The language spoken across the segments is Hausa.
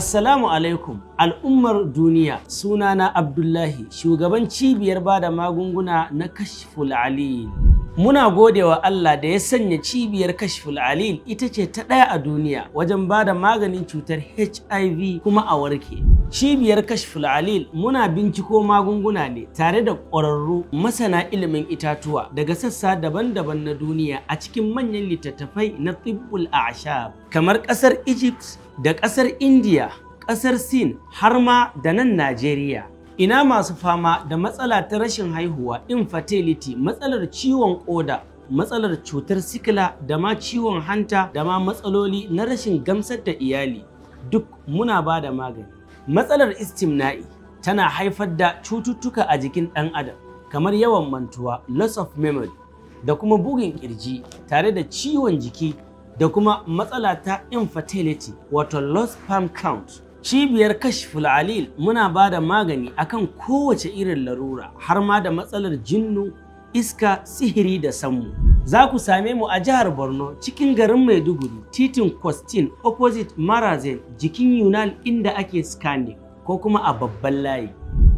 Assalamu alaikum al'ummar duniya sunana Abdullahi shugaban cibiyar bada magunguna na kashful alil. Muna gode wa Allah da ya sanya cibiyar kashful alil ita ce ta ɗaya a duniya wajen ba da maganin cutar HIV kuma a warke. Cibiyar Kashful Alil muna binciko magunguna ne tare da ƙwararru masana ilimin itatuwa daga sassa daban-daban na duniya a cikin manyan littattafai na tibbul ashab kamar ƙasar Egypt da ƙasar India, ƙasar Sin har ma da nan Najeriya. Ina masu fama da matsala ta rashin haihuwa infertility matsalar ciwon ƙoda matsalar cutar sikila da ma ciwon hanta da ma matsaloli na rashin gamsar da iyali duk muna ba da magani. matsalar istimna'i tana haifar da cututtuka a jikin ɗan adam kamar yawan mantuwa loss of memory da kuma bugun kirji tare da ciwon jiki da kuma matsala ta infertility wato loss sperm count cibiyar Kashi alil muna ba da magani akan kowace irin larura har ma da matsalar jinnu iska sihiri da sammu za ku same mu a jihar Borno cikin garin Maiduguri titin Kwastin opposite Marazen jikin Yunal inda ake scanning ko kuma a babban layi.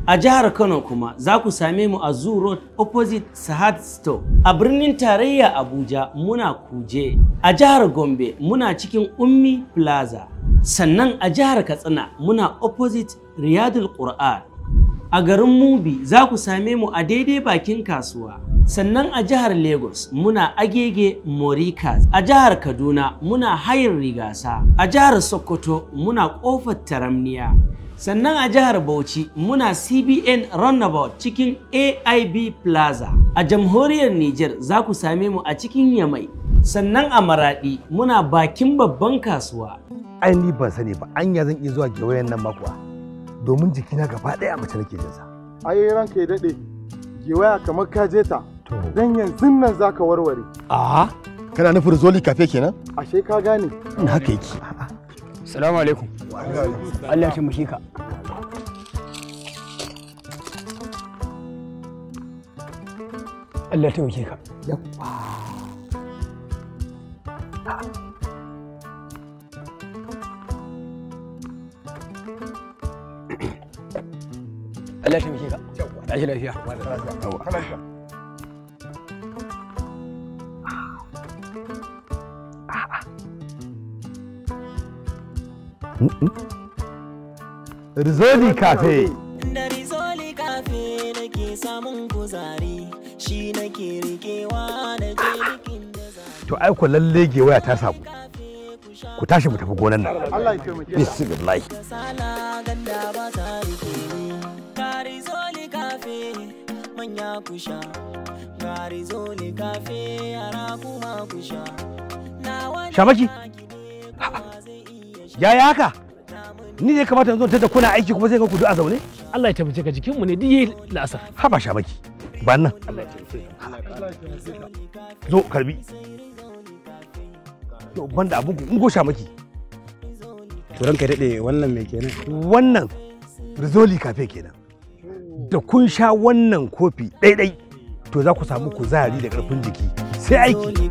A jihar Kano kuma za ku same mu a Zoo Road opposite Sahad Store. A birnin tarayya Abuja muna Kuje. A jihar Gombe muna cikin Ummi Plaza. Sannan a jihar Katsina muna opposite Riyadul Qur'an. a garin Mubi za ku same mu a daidai bakin kasuwa. Sannan a jihar Lagos muna Agege Morikas, a jihar Kaduna muna Hayin Rigasa, a jihar Sokoto muna Kofar Taramniya. Sannan a jihar Bauchi muna CBN Runabout cikin AIB Plaza. A jamhuriyar Nijar za ku same mu a cikin Yamai. Sannan a Maraɗi muna bakin babban kasuwa. Ai ni ban sani ba, anya zan iya zuwa gewayen nan makuwa. domin jikina gaba ɗaya mace nake jin sa ai ranka ya dade giwaya kamar ka je ta dan yanzu nan zaka warware a kana nufin zoli kafe kenan ashe ka gane Ina haka yake assalamu alaikum Allah ya taimake ka Allah ya taimake ka yawwa Allah ya taimake ka tashi lafiya Rizoli Cafe. Da Rizoli nake samun kuzari shi nake rikewa da jirgin da To ai lalle gewaya ta samu. Ku tashi mu tafi gonan nan. Allah ya taimake. Bismillah. Sala ganda ba ta rike manya kusha gari zole kafe yara kuma kusha shamaki yaya haka ni ne kamata zo da kuna aiki kuma sai ga kudu a zaune Allah ya tabbace ka jikin mu ne diye la'asar haba shamaki ba nan zo karbi to banda abun ku ungo shamaki to ranka dade wannan me kenan wannan rizoli kafe kenan da kun sha wannan kofi ɗaiɗai to za ku samu kuzari da ƙarfin jiki sai aiki Zoli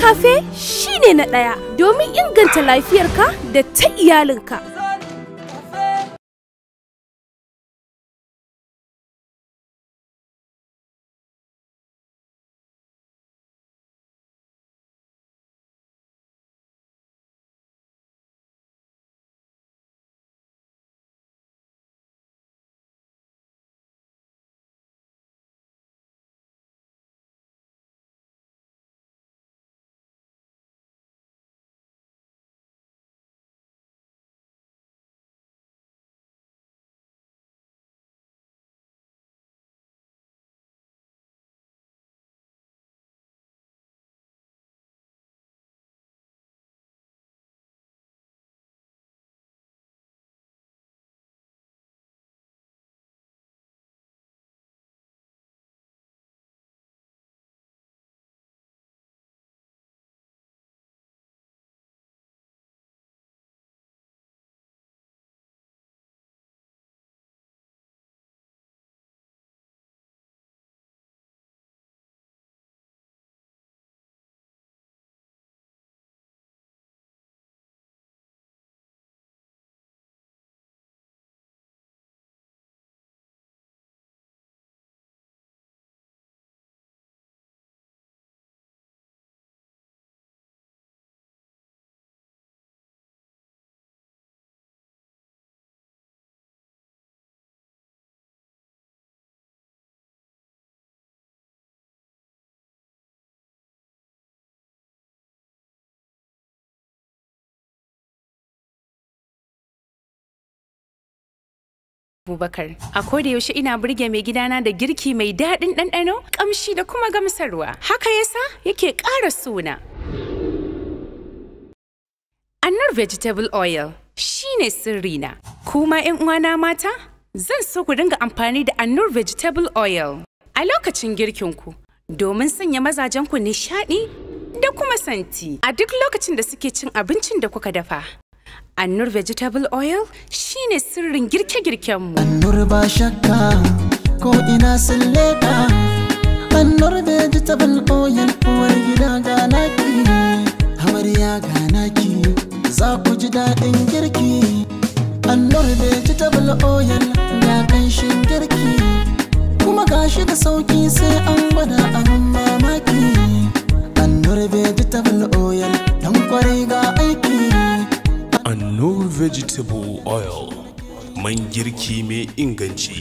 Cafe ne na ɗaya domin inganta lafiyarka da ta iyalinka. Abubakar. A koda yaushe ina burge mai gidana da girki mai daɗin ɗanɗano, ƙamshi da kuma gamsarwa. Haka yasa yake ƙara suna. Annar vegetable oil shi sirri sirrina. Kuma 'yan uwana mata, zan so ku dinga amfani da Annur vegetable oil a lokacin girkinku domin sanya mazajenku nishaɗi da kuma santi a duk lokacin da suke cin abincin da kuka dafa. Annur vegetable oil shine sirrin girke girken mu Annur ba shakka ko ina sun leka. Annur vegetable oil uwar gida ga naki, amarya ga naki, za ku ji daɗin girki. Annur vegetable oil ga kanshin girki, kuma gashi da sauki sai an gwada abin mamaki. Annur vegetable oil don kwarai ga aiki. and no vegetable oil man girki mai inganci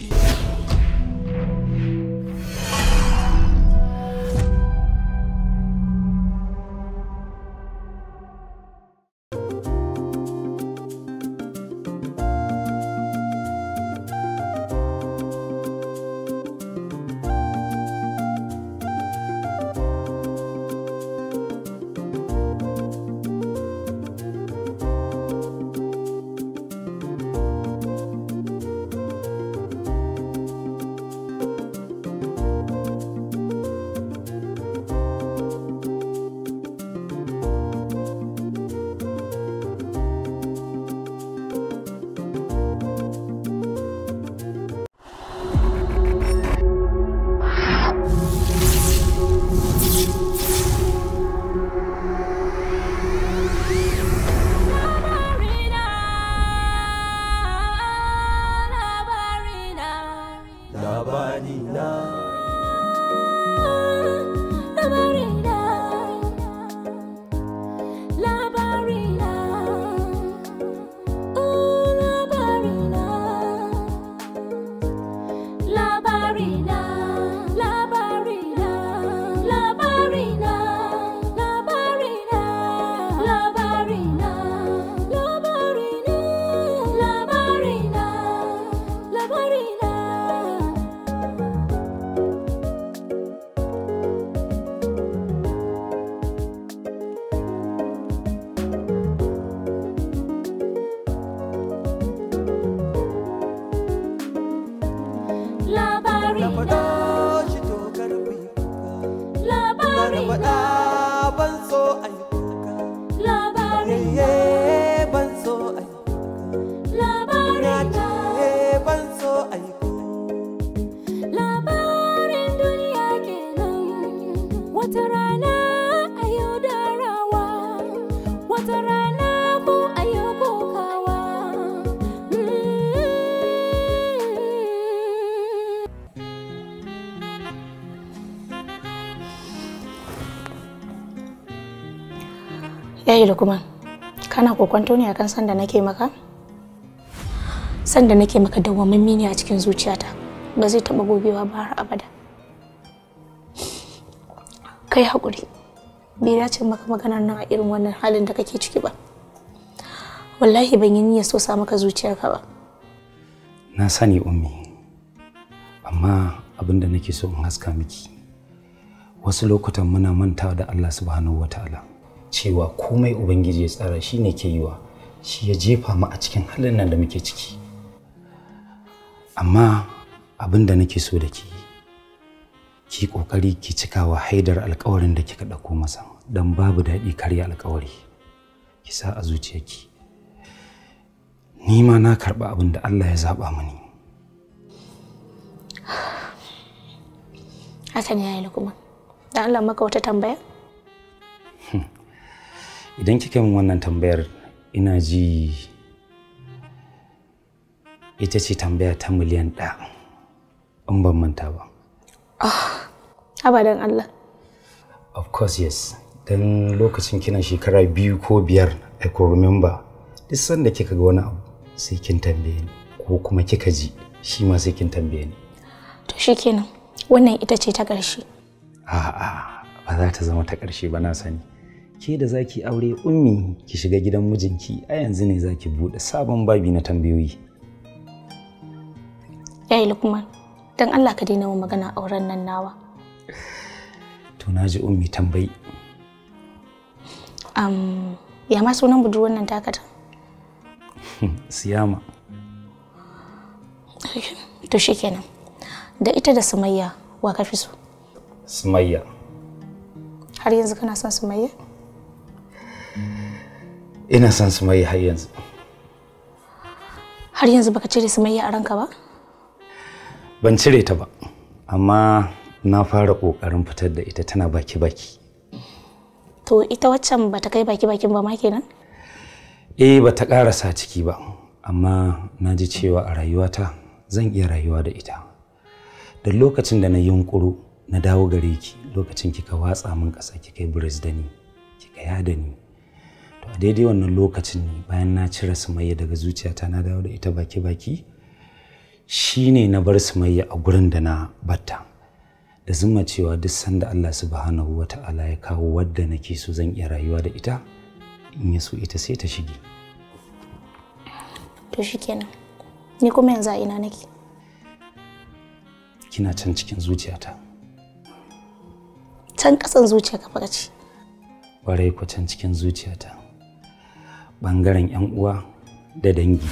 Kai Lukman, kana kokwanto ne akan san da nake maka? San da nake maka dawwamammi ne a cikin zuciyata. Ba zai taɓa gobewa ba har abada. Kai haƙuri. Bai dace maka maganar nan a irin wannan halin da kake ciki ba. Wallahi ban yi niyyar so sa maka zuciyarka ba. Na sani ummi. Amma abin da nake so in haska miki. Wasu lokutan muna mantawa da Allah subhanahu wa ta'ala. cewa komai ubangiji ya tsara shi ne ke yiwa shi ya jefa mu a cikin halin nan da muke ciki amma abin da nake so da ki ki kokari ki cikawa haidar alkawarin da kika ɗauko masa don babu daɗi karya alkawari ki sa a zuciyarki ni ma na karɓa abin da Allah ya zaɓa mini hakan yayi kuma dan Allah maka wata tambaya idan kika min wannan tambayar ina ji ita ce tambaya ta miliyan ɗaya in ban manta ba ah abadan Allah of course yes don lokacin kina shekara biyu ko biyar i ko remember duk sanda kika ga wani abu sai kin tambaye ni ko kuma kika ji shi ma sai kin tambaye ni to shikenan wannan ita ce ta ƙarshe a'a ba za ta zama ta ƙarshe ba na sani ke da zaki aure ummi ki shiga gidan mijinki a yanzu ne zaki buɗe sabon babi na tambayoyi yayi lukman dan Allah ka daina magana auren nan nawa to naji ummi tambayi um, ya ma sunan budurwar nan takata siyama to shikenan da ita da sumayya wa ka fi so sumayya har yanzu kana son sumayya ina son mai har yanzu har yanzu baka cire su mai a ranka ba ban cire ta ba amma na fara kokarin fitar da ita tana baki baki to ita waccan ba ta kai baki bakin ba ma kenan eh ba ta karasa ciki ba amma na ji cewa a rayuwata zan iya rayuwa da ita da lokacin da na yi yunkuru na dawo gare ki lokacin kika watsa min ƙasa kika yi buris da ni kika yada ni daidai wannan lokacin ne bayan na cire sumayya daga zuciyata na dawo da ita baki-baki shine na bar sumayya a gurin da na batta da zuma cewa duk sanda Allah subhanahu wa ta'ala ya kawo wadda nake so zan iya rayuwa da ita in ya so ita sai ta shige to shikenan ni kuma yanzu a ina nake kina can cikin zuciyata can kasan zuciya ka faga ci ƙwarai ku can cikin zuciyata ɓangaren 'yan uwa da dangi.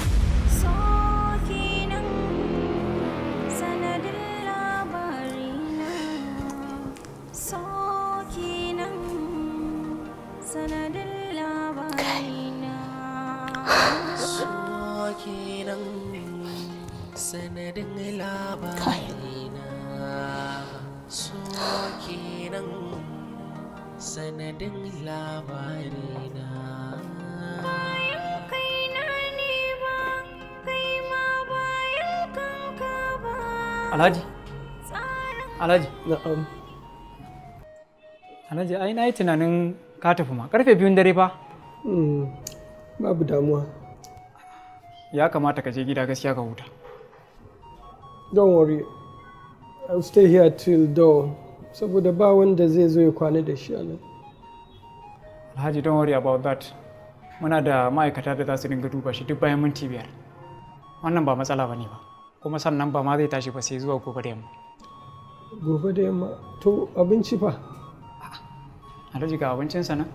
ai na yi tunanin ka tafi ma karfe biyun dare fa mm, babu damuwa ya kamata ka je gida gaskiya ka huta don't worry i'll stay here till dawn saboda ba wanda zai zo ya kwana da shi anan alhaji don't worry about that muna da ma'aikata da za su dinga duba shi duk bayan minti biyar wannan ba matsala ba ne ba kuma sannan ba ma zai tashi ba sai zuwa gobe da yamma gobe da yamma to abinci fa ada jika abincinsa nan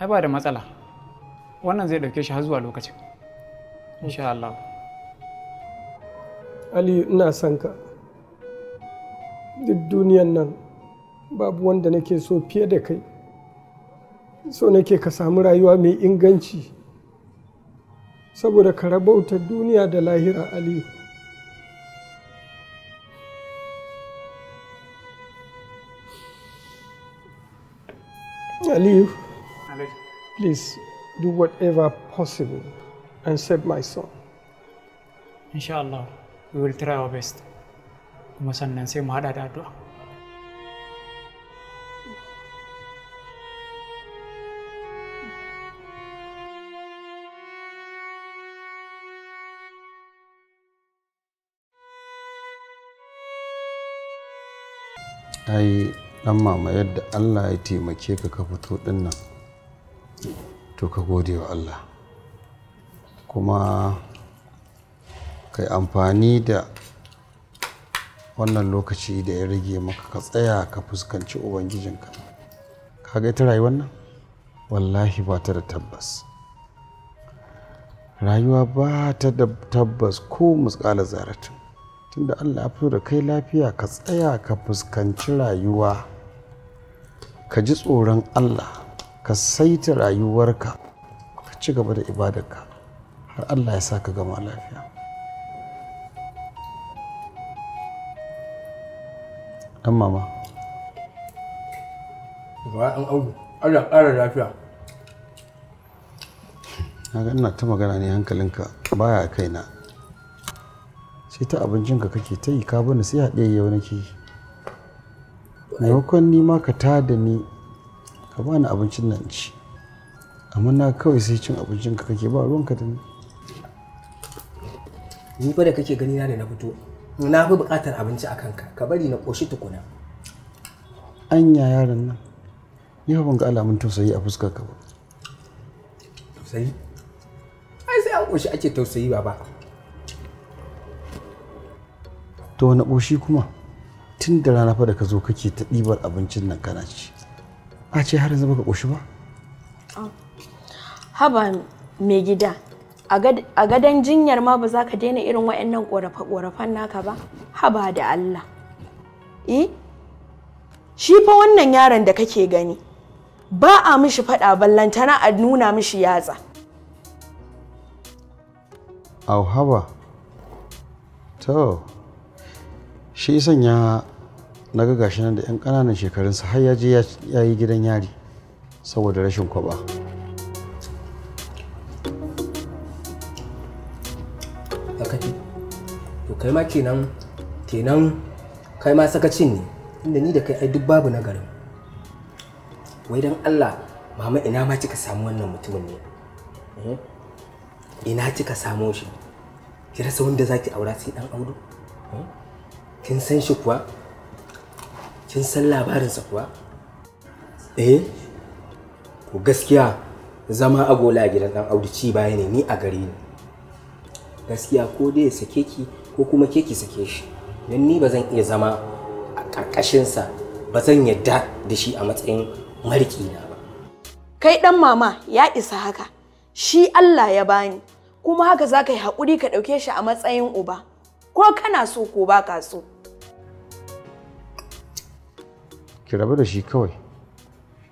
ai ba da matsala wannan zai ɗauke shi har zuwa lokacin insha Allah Ali ina son ka duk duniyan nan babu wanda nake so fiye da kai so nake ka samu rayuwa mai inganci saboda ka rabauta duniya da lahira aliyu Aliyu, please do whatever possible and save my son. Inshallah, we will try our best. I dan mama yadda Allah ya taimake ka ka fito din nan to ka gode wa Allah kuma kai amfani da wannan lokaci da ya rage maka ka tsaya ka fuskanci ubangijinka ka ga ita rayuwar nan wallahi ba ta da tabbas rayuwa ba ta da tabbas ko musƙalar zaratin tunda allah ya fito da kai lafiya ka tsaya ka fuskanci rayuwa ka ji tsoron allah ka saita rayuwarka ka ci gaba da ibadarka har allah ya sa ka gama lafiya dan mama allah ƙara lafiya na ga ina ta magana ne hankalinka baya kaina sai ta abincin ka kake ta yi ka bani sai haɗe yau nake yi maimakon nima ma ka ta da ni ka bani abincin nan ci amma na kawai sai cin abincin ka kake ba ruwan ka da ni ni fa da kake gani na da na fito na fi buƙatar abinci a kanka ka bari na ƙoshi tukuna anya yaron nan ni ban ga alamun tausayi a fuskar ka ba tausayi ai sai an ƙoshi ake tausayi baba ta wani ɓoshi kuma tun da rana fa da ka zo kake ta ɗibar abincin nan kana ci a ce har yanzu baka ƙoshi ba ah. haba mai gida a gadon jinyar ma ba za ka daina irin waɗannan ƙorafe-ƙorafen naka ba haba da Allah eh shi fa wannan yaron da kake gani ba a mishi faɗa ballantana a nuna mishi yatsa au haba to shi isan ya na ga gashi nan da 'yan ƙananan shekarunsa har ya je ya yi gidan yari saboda rashin kwaba akati to kai ma kenan kenan kai ma sakacin ne inda ni da kai ai duk babu na garin wai don allah mama ina ma kika samu wannan mutumin ne eh? ina kika samo shi ki rasa wanda zaki aura sai dan audu eh? kin san shi kuwa kin san labarinsa kuwa eh ko gaskiya zama agola a gidan dan audi ci baya ne ni a gari ni gaskiya ko dai ya sake ki ko kuma ke ki sake shi don ni ba zan iya zama a ƙarƙashinsa ba zan yadda da shi a matsayin na ba kai dan mama ya isa haka shi Allah ya bani kuma haka za ka yi haƙuri ka ɗauke shi a matsayin uba ko kana so ko ba ka so ki rabu da shi kawai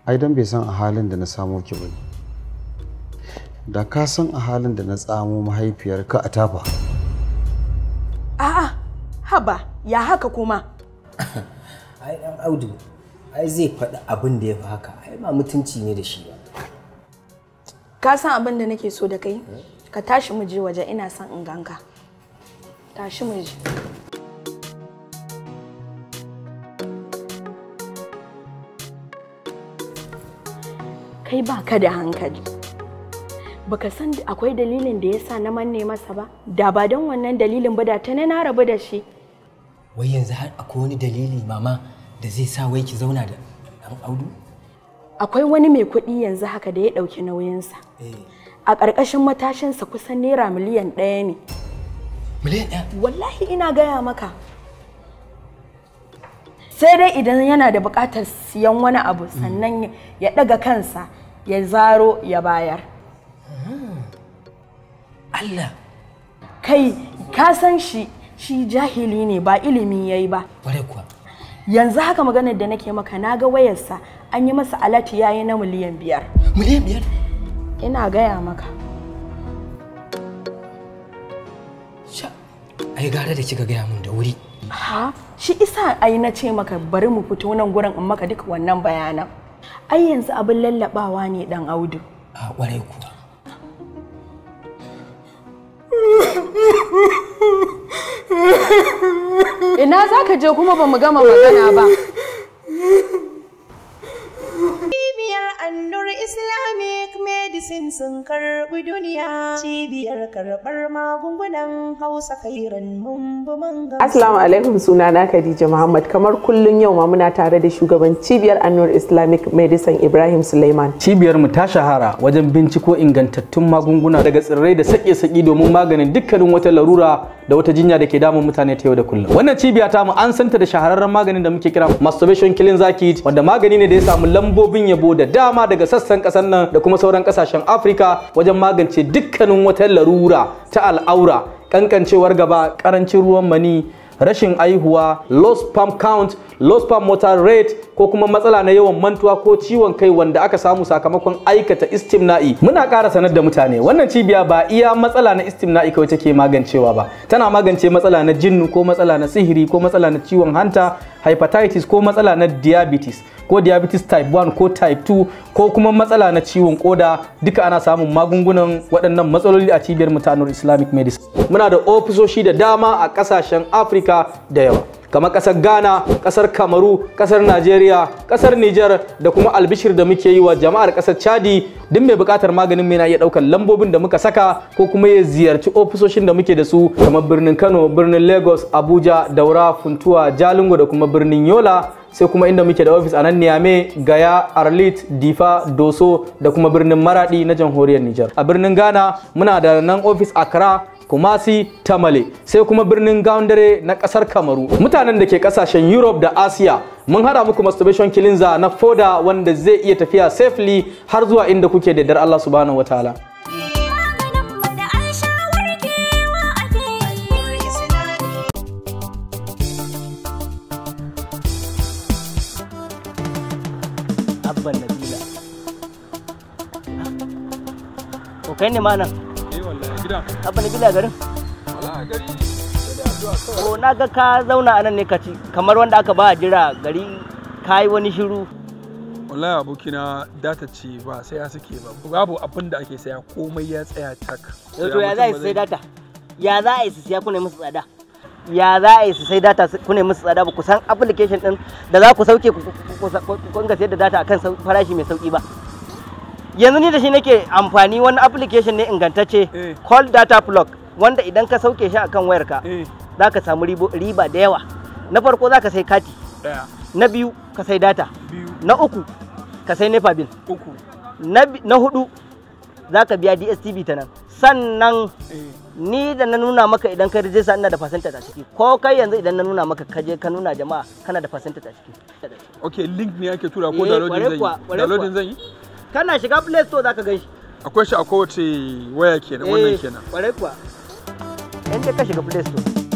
ai dan bai san a halin da na samo ki ba ne da ka san a halin da na tsamo mahaifiyarka a tafa a'a haba ya haka kuma ai dan audu ai zai faɗi abin da ya fi haka ai ba mutunci ne da shi ba ka san abin da nake so da kai ka tashi mu je waje ina son in ganka tashi mu je kai ba ka da hankali baka san akwai dalilin da ya sa na manne masa ba da ba don wannan dalilin ba da ta na rabu da shi wai yanzu har akwai wani dalili mama da zai sa wai ki zauna da ɗan audu akwai wani mai kuɗi yanzu haka da ya ɗauki nauyinsa eh. a ƙarƙashin matashinsa kusan naira miliyan ɗaya ne miliyan ɗaya wallahi ina gaya maka sai dai idan yana da buƙatar siyan wani abu sannan ya ɗaga kansa ya zaro ya bayar Allah kai ka san shi shi jahili ne ba ilimi yayi ba kuwa yanzu haka maganar da nake maka na ga wayarsa an yi masa alati yayi na miliyan biyar miliyan biyar ina gaya maka ai gara da kika gaya min da wuri ha shi isa ai na ce maka bari mu fito nan gurin in maka duka wannan bayanan ai yanzu abin lallabawa ne dan audu a kwarai kuwa ina zaka je kuma ba mu gama magana ba bibiyar anno Islamic Medicine sun karɓi duniya cibiyar karɓar magungunan Hausa kairan gamsu. Assalamu alaikum sunana Khadija Muhammad kamar kullum yau ma muna tare da shugaban cibiyar Annur Islamic Medicine Ibrahim Suleiman. Cibiyar mu ta shahara wajen binciko ingantattun magunguna daga tsirrai da sake-saki domin maganin dukkanin wata larura da wata jinya da ke damun mutane ta yau da kullum. Wannan cibiya ta mu an santa da shahararren maganin da muke kira masturbation killing zaki wanda magani ne da ya samu lambobin yabo da dama daga sassa. sassan ƙasar nan da kuma sauran ƙasashen Afirka wajen magance dukkanin wata larura ta al'aura, ƙanƙancewar gaba, ƙarancin ruwan mani, rashin aihuwa, low sperm count, low sperm motor rate ko kuma matsala na yawan mantuwa ko ciwon kai wanda aka samu sakamakon aikata istimna'i. Muna ƙara sanar da mutane wannan cibiya ba iya matsala na istimna'i kawai take magancewa ba. Tana magance matsala na jinnu ko matsala na sihiri ko matsala na ciwon hanta hepatitis ko matsala na diabetes ko diabetes type 1 ko type 2 ko kuma matsala na ciwon koda duka ana samun magungunan waɗannan matsaloli a cibiyar mutanen islamic medicine muna da ofisoshi da dama a ƙasashen afirka da yawa kamar kasar ghana kasar kamaru kasar najeriya kasar niger da kuma albishir da muke yi wa jama'ar kasar chadi duk mai bukatar maganin mai na iya daukar lambobin da muka saka ko kuma ya ziyarci ofisoshin da muke da su kamar birnin kano birnin lagos abuja daura funtuwa jalingo da kuma birnin yola sai kuma inda muke da ofis a nan Niamey, Gaya, Arlit, Difa, Doso da kuma birnin Maradi na jamhuriyar Niger A birnin Ghana muna da nan ofis Accra kumasi tamale sai kuma birnin gaundare na kasar kamaru mutanen da ke kasashen europe da Asia mun hada muku masturbation kilinza na foda wanda zai iya tafiya safely har zuwa inda kuke da dar allah subhanahu wataala kai ne ma gida abba na gida garin ko na ga ka zauna a nan ne ka ci kamar wanda aka ba jira gari ka yi wani shiru wallahi abokina data ce ba sai ya suke ba babu abin da ake saya komai ya tsaya tak to ya za a sai data ya za a yi su siya kuna musu tsada ya za a yi su sai data kuna musu tsada ba ku san application din da za ku sauke ku ga sayar da data akan farashi mai sauki ba yanzu ni da shi nake amfani wani application ne ingantacce eh. call data plug wanda idan ka sauke shi akan wayarka eh. za ka samu riba da yawa na farko za ka sai kati na biyu ka sai data na uku ka sai nepa bill na hudu za ka biya dstv ta nan sannan eh. ni da na nuna maka idan ka rijista ina da fasanta ta ciki ko kai yanzu idan na nuna maka ka je ka nuna jama'a kana da fasanta ta ciki okay link ne ake tura ko downloading zan yi kana shiga play store zaka gan shi akwai shi a kowace waya kenan wannan eh, kenan kwarai kuwa in ka shiga play store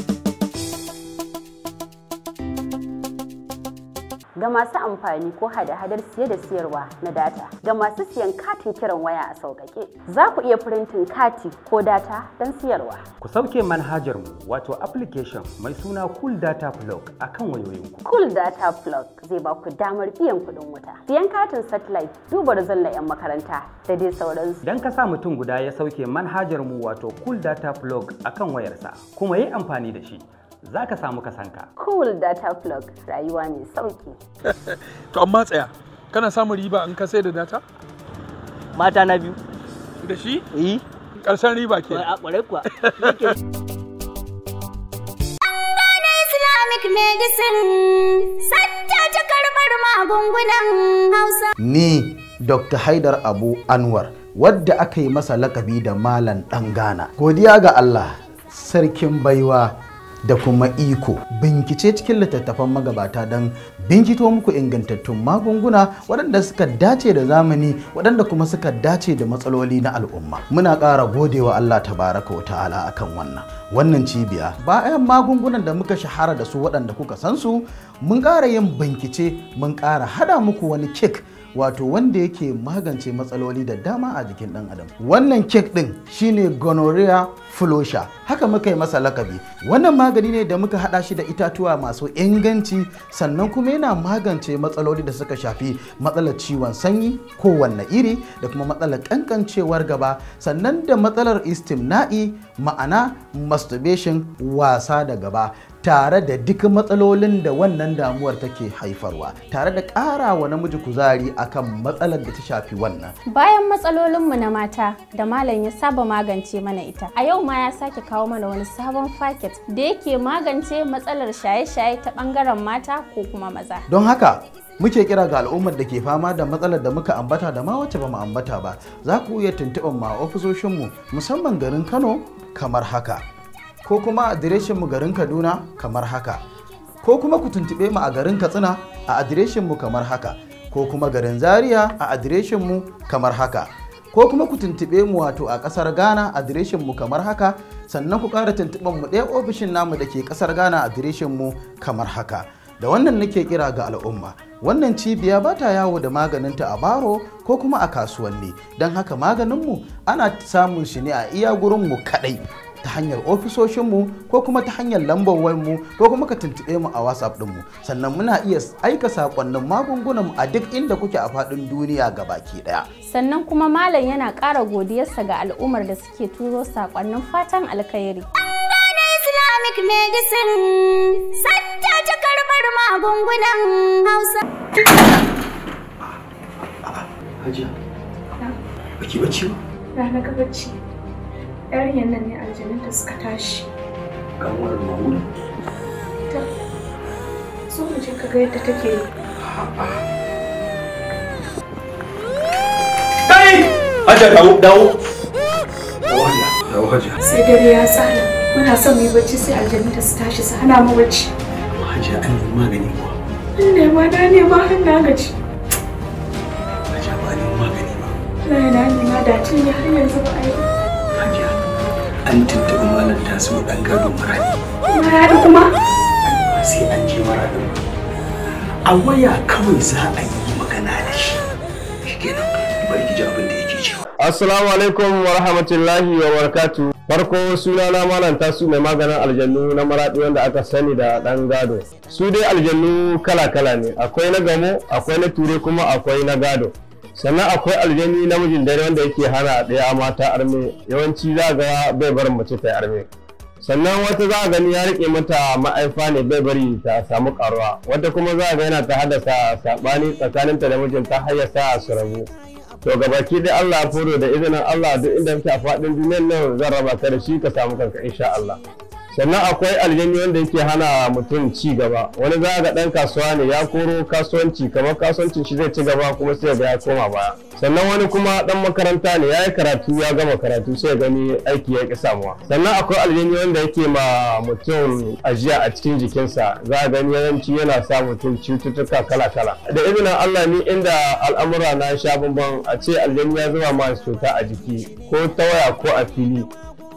ga masu amfani ko hada-hadar siye da siyarwa na data ga masu siyan katin kiran waya a sauƙaƙe za ku iya firintin kati ko data don siyarwa ku sauke manhajar mu wato application mai suna cool data plug a kan wayoyinku cool data plug zai ba ku damar biyan kuɗin wuta siyan katin satellite duba da zalla 'yan makaranta da dai sauransu don ka sa mutum guda ya sauke manhajar mu wato cool data plug a kan wayarsa kuma yi amfani da shi za ka samu kasanka. Cool data plug rayuwa mai sauki. to amma tsaya, kana samun riba in ka sai da data? Mata na biyu. Da shi? Yi. Eh. Ƙarshen riba ke. A ƙwarai kuwa. Islamic Medicine, santa ta karɓar magungunan Hausa. Ni, Dr. Haidar Abu Anwar, wadda aka yi masa lakabi da Malam Ɗan Ghana. Godiya ga Allah, sarkin baiwa da kuma iko bincike cikin littattafan magabata don binkito muku ingantattun magunguna waɗanda suka dace da zamani waɗanda kuma suka dace da matsaloli na al'umma muna ƙara godewa Allah tabaraka wa ta'ala akan wannan wannan cibiya bayan magungunan da muka shahara da su waɗanda kuka san su mun ƙara yin bincike mun ƙara hada muku wani kek wato wanda yake magance matsaloli da dama a jikin ɗan adam wannan kek din shine gonorrhea flosha haka muka yi masa lakabi wannan magani ne da muka haɗa shi da itatuwa masu inganci sannan kuma yana magance matsaloli da suka shafi matsalar ciwon sanyi ko wanne iri da kuma matsalar kankancewar gaba sannan da matsalar istimna'i ma'ana masturbation wasa da gaba tare da duk matsalolin da wannan damuwar take haifarwa tare da ƙara wa namiji kuzari akan matsalar da ta shafi wannan. Bayan matsalolin mu na mata da malam ya saba magance mana ita, a yau ma ya sake kawo mana wani sabon faket da yake magance matsalar shaye-shaye ta ɓangaren mata ko kuma maza. Don haka muke kira ga al'ummar da ke fama da matsalar da muka ambata da ma wacce ba mu ambata ba za ku iya tuntuɓar ma ofisoshinmu musamman garin kano kamar haka ko kuma adireshin mu garin Kaduna kamar haka ko kuma ku tuntube mu a garin Katsina a adireshin mu kamar haka ko kuma garin Zaria a adireshin mu kamar haka ko kuma ku tuntube mu wato a ƙasar Ghana adireshin mu kamar haka sannan ku ƙara tuntuban mu ɗaya ofishin namu da ke ƙasar Ghana adireshin mu kamar haka da wannan nake kira ga al'umma wannan cibiya ba ta yawo da maganinta a baro ko kuma a kasuwanni don haka maganinmu ana samun shi ne a iya gurinmu kaɗai ta hanyar ofisoshinmu ko kuma ta hanyar lambar mu ko kuma ka tuntube mu a whatsapp ɗinmu sannan muna iya aika sakonnin magungunan a duk inda kuke a faɗin duniya ga baki ɗaya sannan kuma malam yana ƙara godiyarsa ga al'ummar da suke turo sakonnin fatan alkhairi Islamic Medicine sanda ta karɓar magungunan Hausa. yarinyar nan ne aljanun da suka tashi kanwar mahmud ta so mu je ka ga yadda take yi kai aja dawo dawo dawo hajiya sai dare ya tsara muna son mu yi bacci sai aljanun da su tashi su hana mu bacci hajiya an yi magani kuwa an nema na nema har na gaji hajiya ba a nema magani ba na nema da tun ya har yanzu ba a yi an tuntuɓi malam su ɗan gado maradi. Maradi kuma sai an je maradi. a waya kawai za a yi magana da shi shikenan bari ki ji abin da yake cewa assalamu alaikum wa rahmatullahi wa barakatuh farko na malam tasu mai maganin aljannu na maraɗi wanda aka sani da ɗan gado su dai aljannu kala-kala ne akwai na gamo akwai na ture kuma akwai na gado sannan akwai aljani namijin dare wanda yake hana ɗaya mata arme yawanci za ga bai bar mace ta arme sannan wata za a gani ya rike mata ma'aifa ne bai bari ta samu karuwa wata kuma za ga yana ta haddasa sabani tsakaninta da mijinta har ya sa su rabu to gabaki dai Allah furo da izinin Allah duk inda muke a faɗin duniyar nan zan raba ka da shi ka samu kanka insha Allah sannan akwai aljanni wanda yake hana mutum ci gaba wani za ga dan kasuwa ne ya koro kasuwanci kamar kasuwancin shi zai ci gaba kuma sai ga ya koma baya sannan wani kuma dan makaranta ne ya yi karatu ya gama karatu sai gani aiki ya ki samuwa sannan akwai aljanni wanda yake ma mutum ajiya a cikin jikinsa za a gani yawanci yana sa mutum cututtuka kala kala da izinin Allah ni inda al'amura na sha bambam a ce aljanni ya zama ma cuta a jiki ko ta waya ko a fili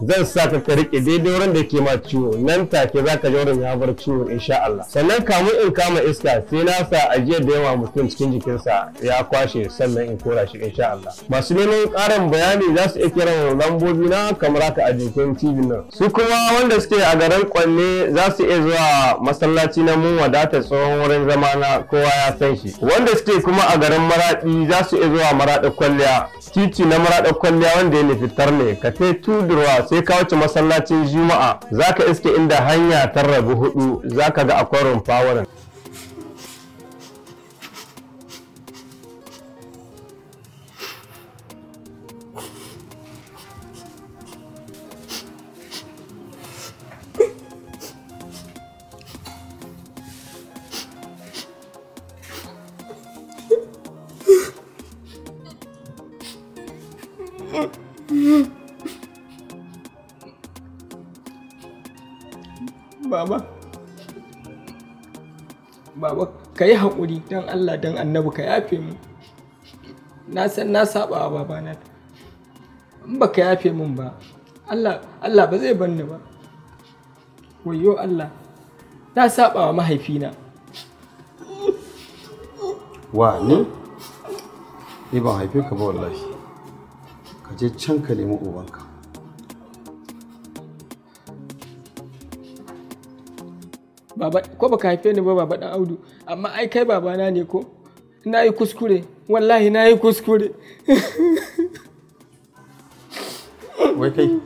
zan sa ka ka rike daidai wurin da ke ma ciwo nan take za ka ya bar ciwo insha Allah sannan kamun in kama iska sai na sa ajiyar da yawa mutum cikin jikinsa ya kwashe sannan in kora shi insha Allah masu neman ƙarin bayani za su iya kiran lambobi na kamar haka a jikin TV nan su kuma wanda suke a garin Kwanne za su iya zuwa masallaci na wa wadata tsohon wurin zama na kowa ya san shi wanda suke kuma a garin Maraɗi za su iya zuwa Maraɗi kwalliya titi na maraɗar kwalliya wanda ya nufi tarne ka kai tudurwa sai ka wuce masallacin juma'a zaka iske inda hanya ta rabu hudu zaka ga akwai rumfa wurin ka yi haƙuri don Allah don annabi ka yafe mu na san na saba wa babana in ba ka yafe min ba Allah ba zai banni ba wayo Allah na saba wa mahaifina wa ne ni ban haife ka ba wallahi ka je can ka nemi ubanka baba ko baka haife ni ba baba dan audu amma ai kai babana ne ko na yi kuskure wallahi na yi kuskure wai kai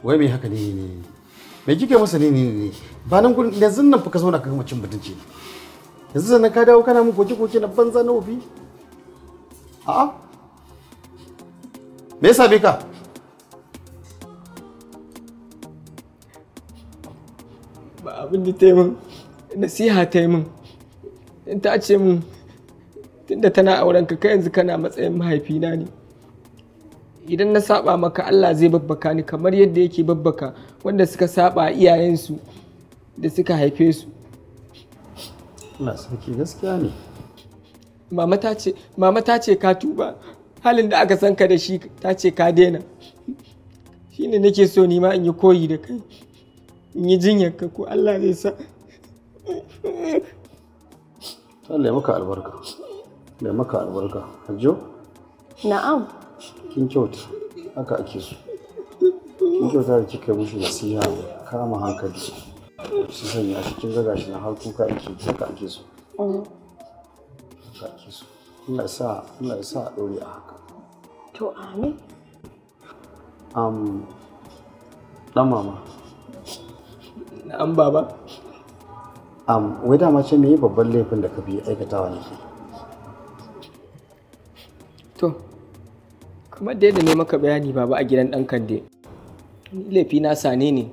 wai mai haka ne ne me kike masa ne ne ne ba nan gurin yanzu nan fuka zauna ka cin mutunci yanzu sannan ka dawo kana mun goke-goke na banza na wofi a'a me yasa bai ka abin da ta yi min nasiha ta yi min ta ce min tunda tana auren ka kai yanzu kana matsayin mahaifina ne idan na saba maka Allah zai babbaka ni kamar yadda yake babbaka wanda suka saba iyayensu da suka haife su Allah sarki gaskiya ne mama ta ce mama ta ce ka tuba halin da aka san ka da shi ta ce ka daina shine nake so ni ma in yi koyi da kai in yi ka ko Allah zai sa Allah ya maka albarka ya maka albarka hajjo na'am kin kyauta haka ake so kin kyauta da kika mushi nasiha kama hankali su sanya shi kin gaga shi na har kuka ake haka ake so mm. haka ake so Allah ya sa Allah ya sa a dore a haka to amin um dan mama Na'am baba. Am wai dama ce me babban laifin da ka bi aikatawa ne? To, kamar da yadda ne maka bayani baba a gidan dan kande. Laifi na sane ne.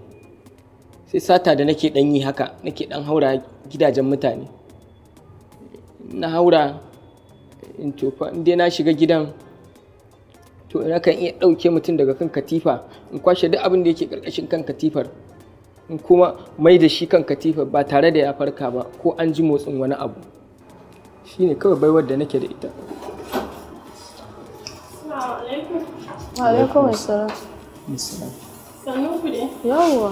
Sai sata da nake ɗan yi haka, nake ɗan haura gidajen mutane. Na haura in tofa, in dai na shiga gidan to ina kan iya ɗauke mutum daga kan katifa in kwashe duk abin da yake ƙarƙashin kan katifar in kuma mai da shi kan katifa ba tare da ya farka ba ko an ji motsin wani abu Shi ne kawai baiwar da nake da ita yawwa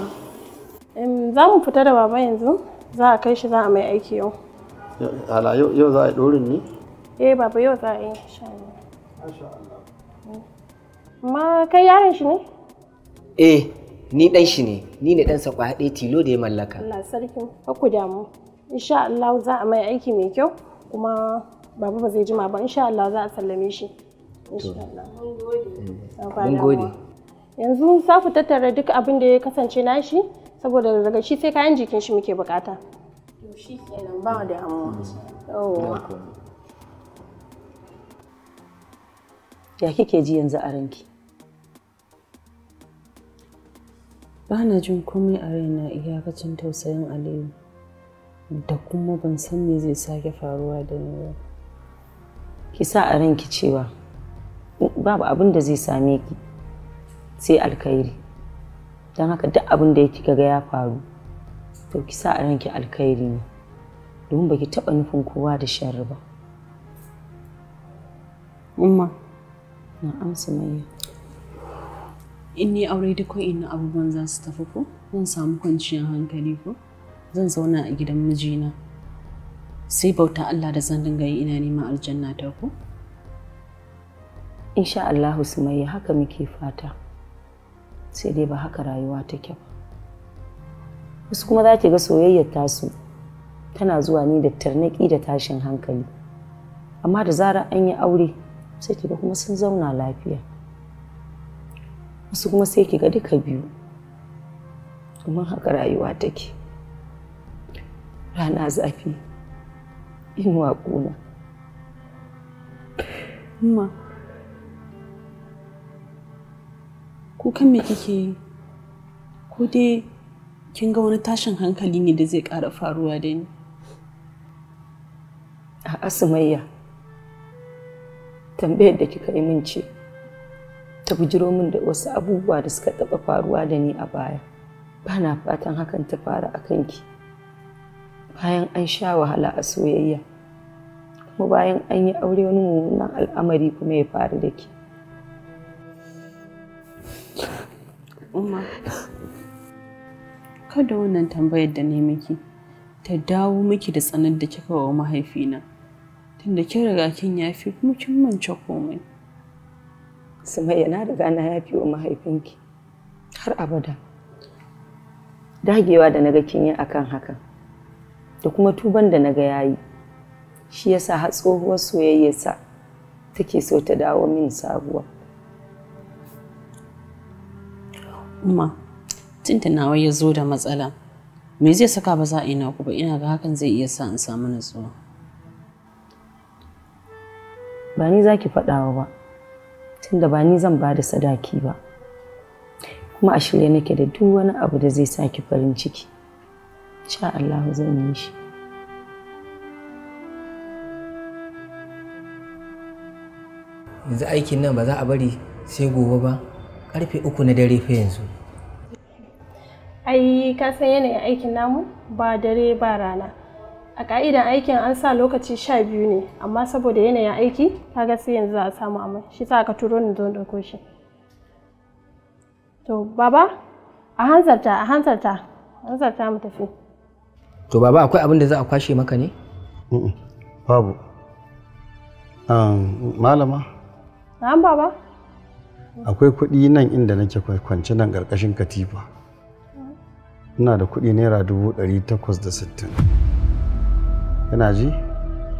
za mu fita da baba yanzu za a kai shi za a mai aiki yau hala yau za a yi ɗorin ne eh baba yau za a yi ma kai yaron shi ne eh ni dan shi ne ni ne ɗansa kwa haɗe tilo da ya mallaka Allah sarkin ku damu insha Allah za a mai aiki mai kyau kuma baba ba zai jima ba insha Allah za a sallame shi insha Allah eh, mun gode yanzu za ku tattara duk abin da ya kasance nashi saboda daga shi sai kayan jikin shi muke bukata to shi kenan ba da mm. ya kike ji yanzu a ranki ba jin komai a raina iyakacin tausayin aliyu da kuma ban san me zai sake faruwa da ni ba ki sa a ranki cewa babu abin da zai same ki sai alkhairi don haka duk abin da yake ga ya faru to ki sa a ranki alkhairi ne domin baki taba nufin kowa da sharri ba umma na amsa mai in ni aure duk ina abubuwan za su tafi ko zan samu kwanciyar hankali ko zan zauna a gidan mijina sai bauta Allah da zan dinga yi ina neman aljanna ta ko insha Allah Sumayya haka muke fata sai dai ba haka rayuwa ta kyau. wasu kuma za ki ga soyayyar tasu tana zuwa ni da tarnaki da tashin hankali amma da zarar an yi aure sai ki ga kuma sun zauna lafiya wasu kuma sai ki ga duka biyu kuma haka rayuwa take rana zafi inuwa kuna amma kukan me kike yi ko dai kin ga wani tashin hankali ne da zai ƙara faruwa da ni a asumayya tambayar da kika yi min ce ta bujiro min da wasu abubuwa da suka taɓa faruwa da ni a baya ba na fatan hakan ta faru a kanki bayan an sha wahala a soyayya kuma bayan an yi aure wani mummunan al'amari kuma ya faru da ke kada wannan tambayar da ne ta dawo miki da tsanar da kika wa mahaifina tunda kin riga kin yafi kuma kin mance komai Sumayya na riga na yafi wa mahaifinki har abada. Dagewa da naga kin yi akan hakan da kuma tuban da na naga yayi shi yasa har tsohuwar soyayyarsa take so ta dawo min sabuwa. Umma, da nawa ya zo da matsala, me zai saka ba za a yi naku ba ina ga hakan zai iya sa in samu natsuwa. Ba ni za ki faɗawa ba. tunda ba ni zan ba da sadaki ba kuma a shirye nake da duk wani abu da zai saki farin ciki sha Allah zan yi shi yanzu aikin nan ba za a bari sai gobe ba karfe uku na dare fa yanzu ai ka san yanayin aikin namu ba dare ba rana a ka'idan aikin an sa lokaci sha biyu ne amma saboda yanayin aiki ta ga sai yanzu za a samu amma shi sa aka turo ni don ɗauko shi to baba a hanzarta a hanzarta hanzarta mu tafi to baba akwai abin da za a kwashe maka ne babu malama na'am baba akwai kuɗi nan inda nake kwance nan ƙarƙashin katifa ina da kuɗi naira dubu ɗari takwas da sittin Yana ji?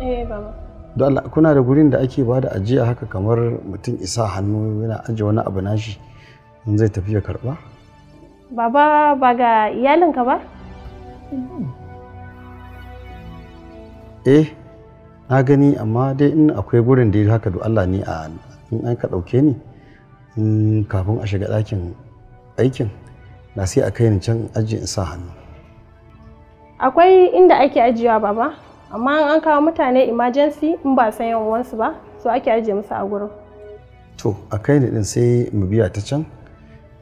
Eh baba. Don Allah kuna da gurin da ake bada ajiya haka kamar mutum isa hannu yana ajiye wani abu nashi in zai tafi ya karba? Baba ba ga iyalinka ba? Eh na gani amma dai in akwai gurin da ya haka do Allah ni a in an ka ɗauke ni kafin a shiga ɗakin aikin na sai a kai ni can aji isa hannu. Akwai inda ake ajiyewa baba? amma an kawo mutane emergency in ba san yawansu ba so ake ajiye musu a gurin to a kai ni din sai mu biya ta can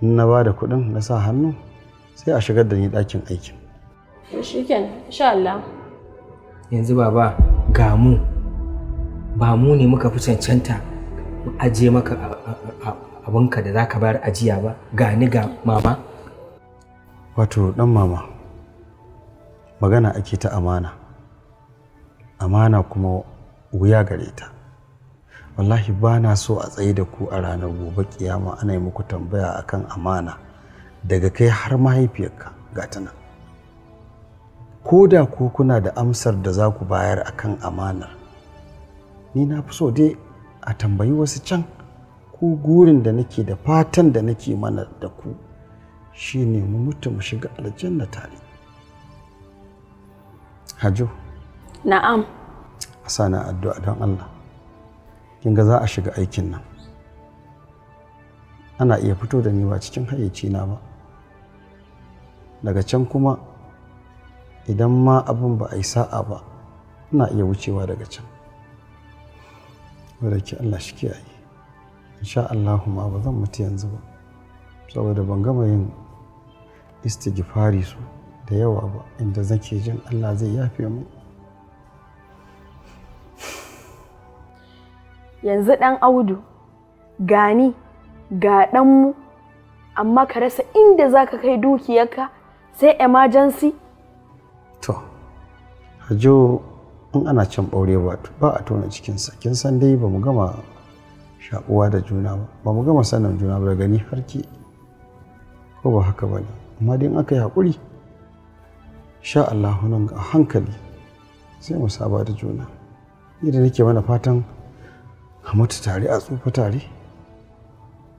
na ba da kuɗin na sa hannu sai a shigar da ni ɗakin aikin shikenan insha Allah yanzu baba ga mu ba mu ne muka fi cancanta mu ajiye maka abinka da zaka bayar ajiya ba ga ni ga mama wato dan mama magana ake ta amana amana kuma wuya gare ta wallahi ba na so a tsaye da ku a ranar gobe kiyama ana yi muku tambaya akan amana daga kai har mahaifiyarka ga ta nan ko da ku kuna da amsar da za ku bayar akan amanar ni na fi so dai a tambayi wasu can ko gurin da nake da fatan da nake mana da ku shine mu mutu mu shiga aljanna tare hajo Na'am. A addu'a don Allah. Kin ga za a shiga aikin nan. Ana iya fito da ni ba cikin hayyaci na ba. Daga can kuma idan ma abin ba a yi sa'a ba ina iya wucewa daga can. Wadda Allah shi kiyaye. Insha Allah ma ba zan mutu yanzu ba. Saboda ban gama yin istighfari su da yawa ba inda zake jin Allah zai yafe mu. yanzu ɗan audu gani ga ɗanmu amma ka rasa inda za ka kai dukiyarka sai emergency to hajo in ana can ɓaure ba a tona cikinsa kin san dai ba mu gama shakuwa da juna ba ba mu gama sanin juna ba gani har ki ko ba haka ba ne amma dai aka yi haƙuri sha Allah nan a hankali sai mu saba da juna yadda nake mana fatan a mutu tare a tsufa tare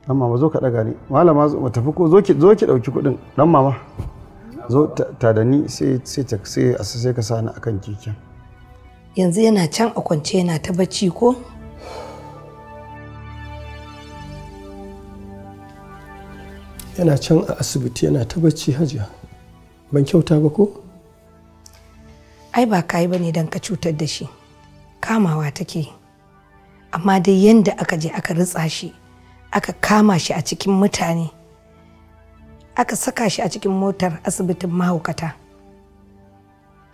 dan mama zo ka daga ni malama zo tafi ko zo ki zo ki dauki kudin dan mama zo ta da ni sai sai ta sai a sai ka sani akan keken yanzu yana can a kwance yana ta bacci ko yana can a asibiti yana ta bacci hajiya ban kyauta ba ko ai ba ka yi ba ne don ka cutar da shi kamawa take amma dai yanda aka je aka ritsa shi aka kama shi a cikin mutane aka saka shi a cikin motar asibitin mahaukata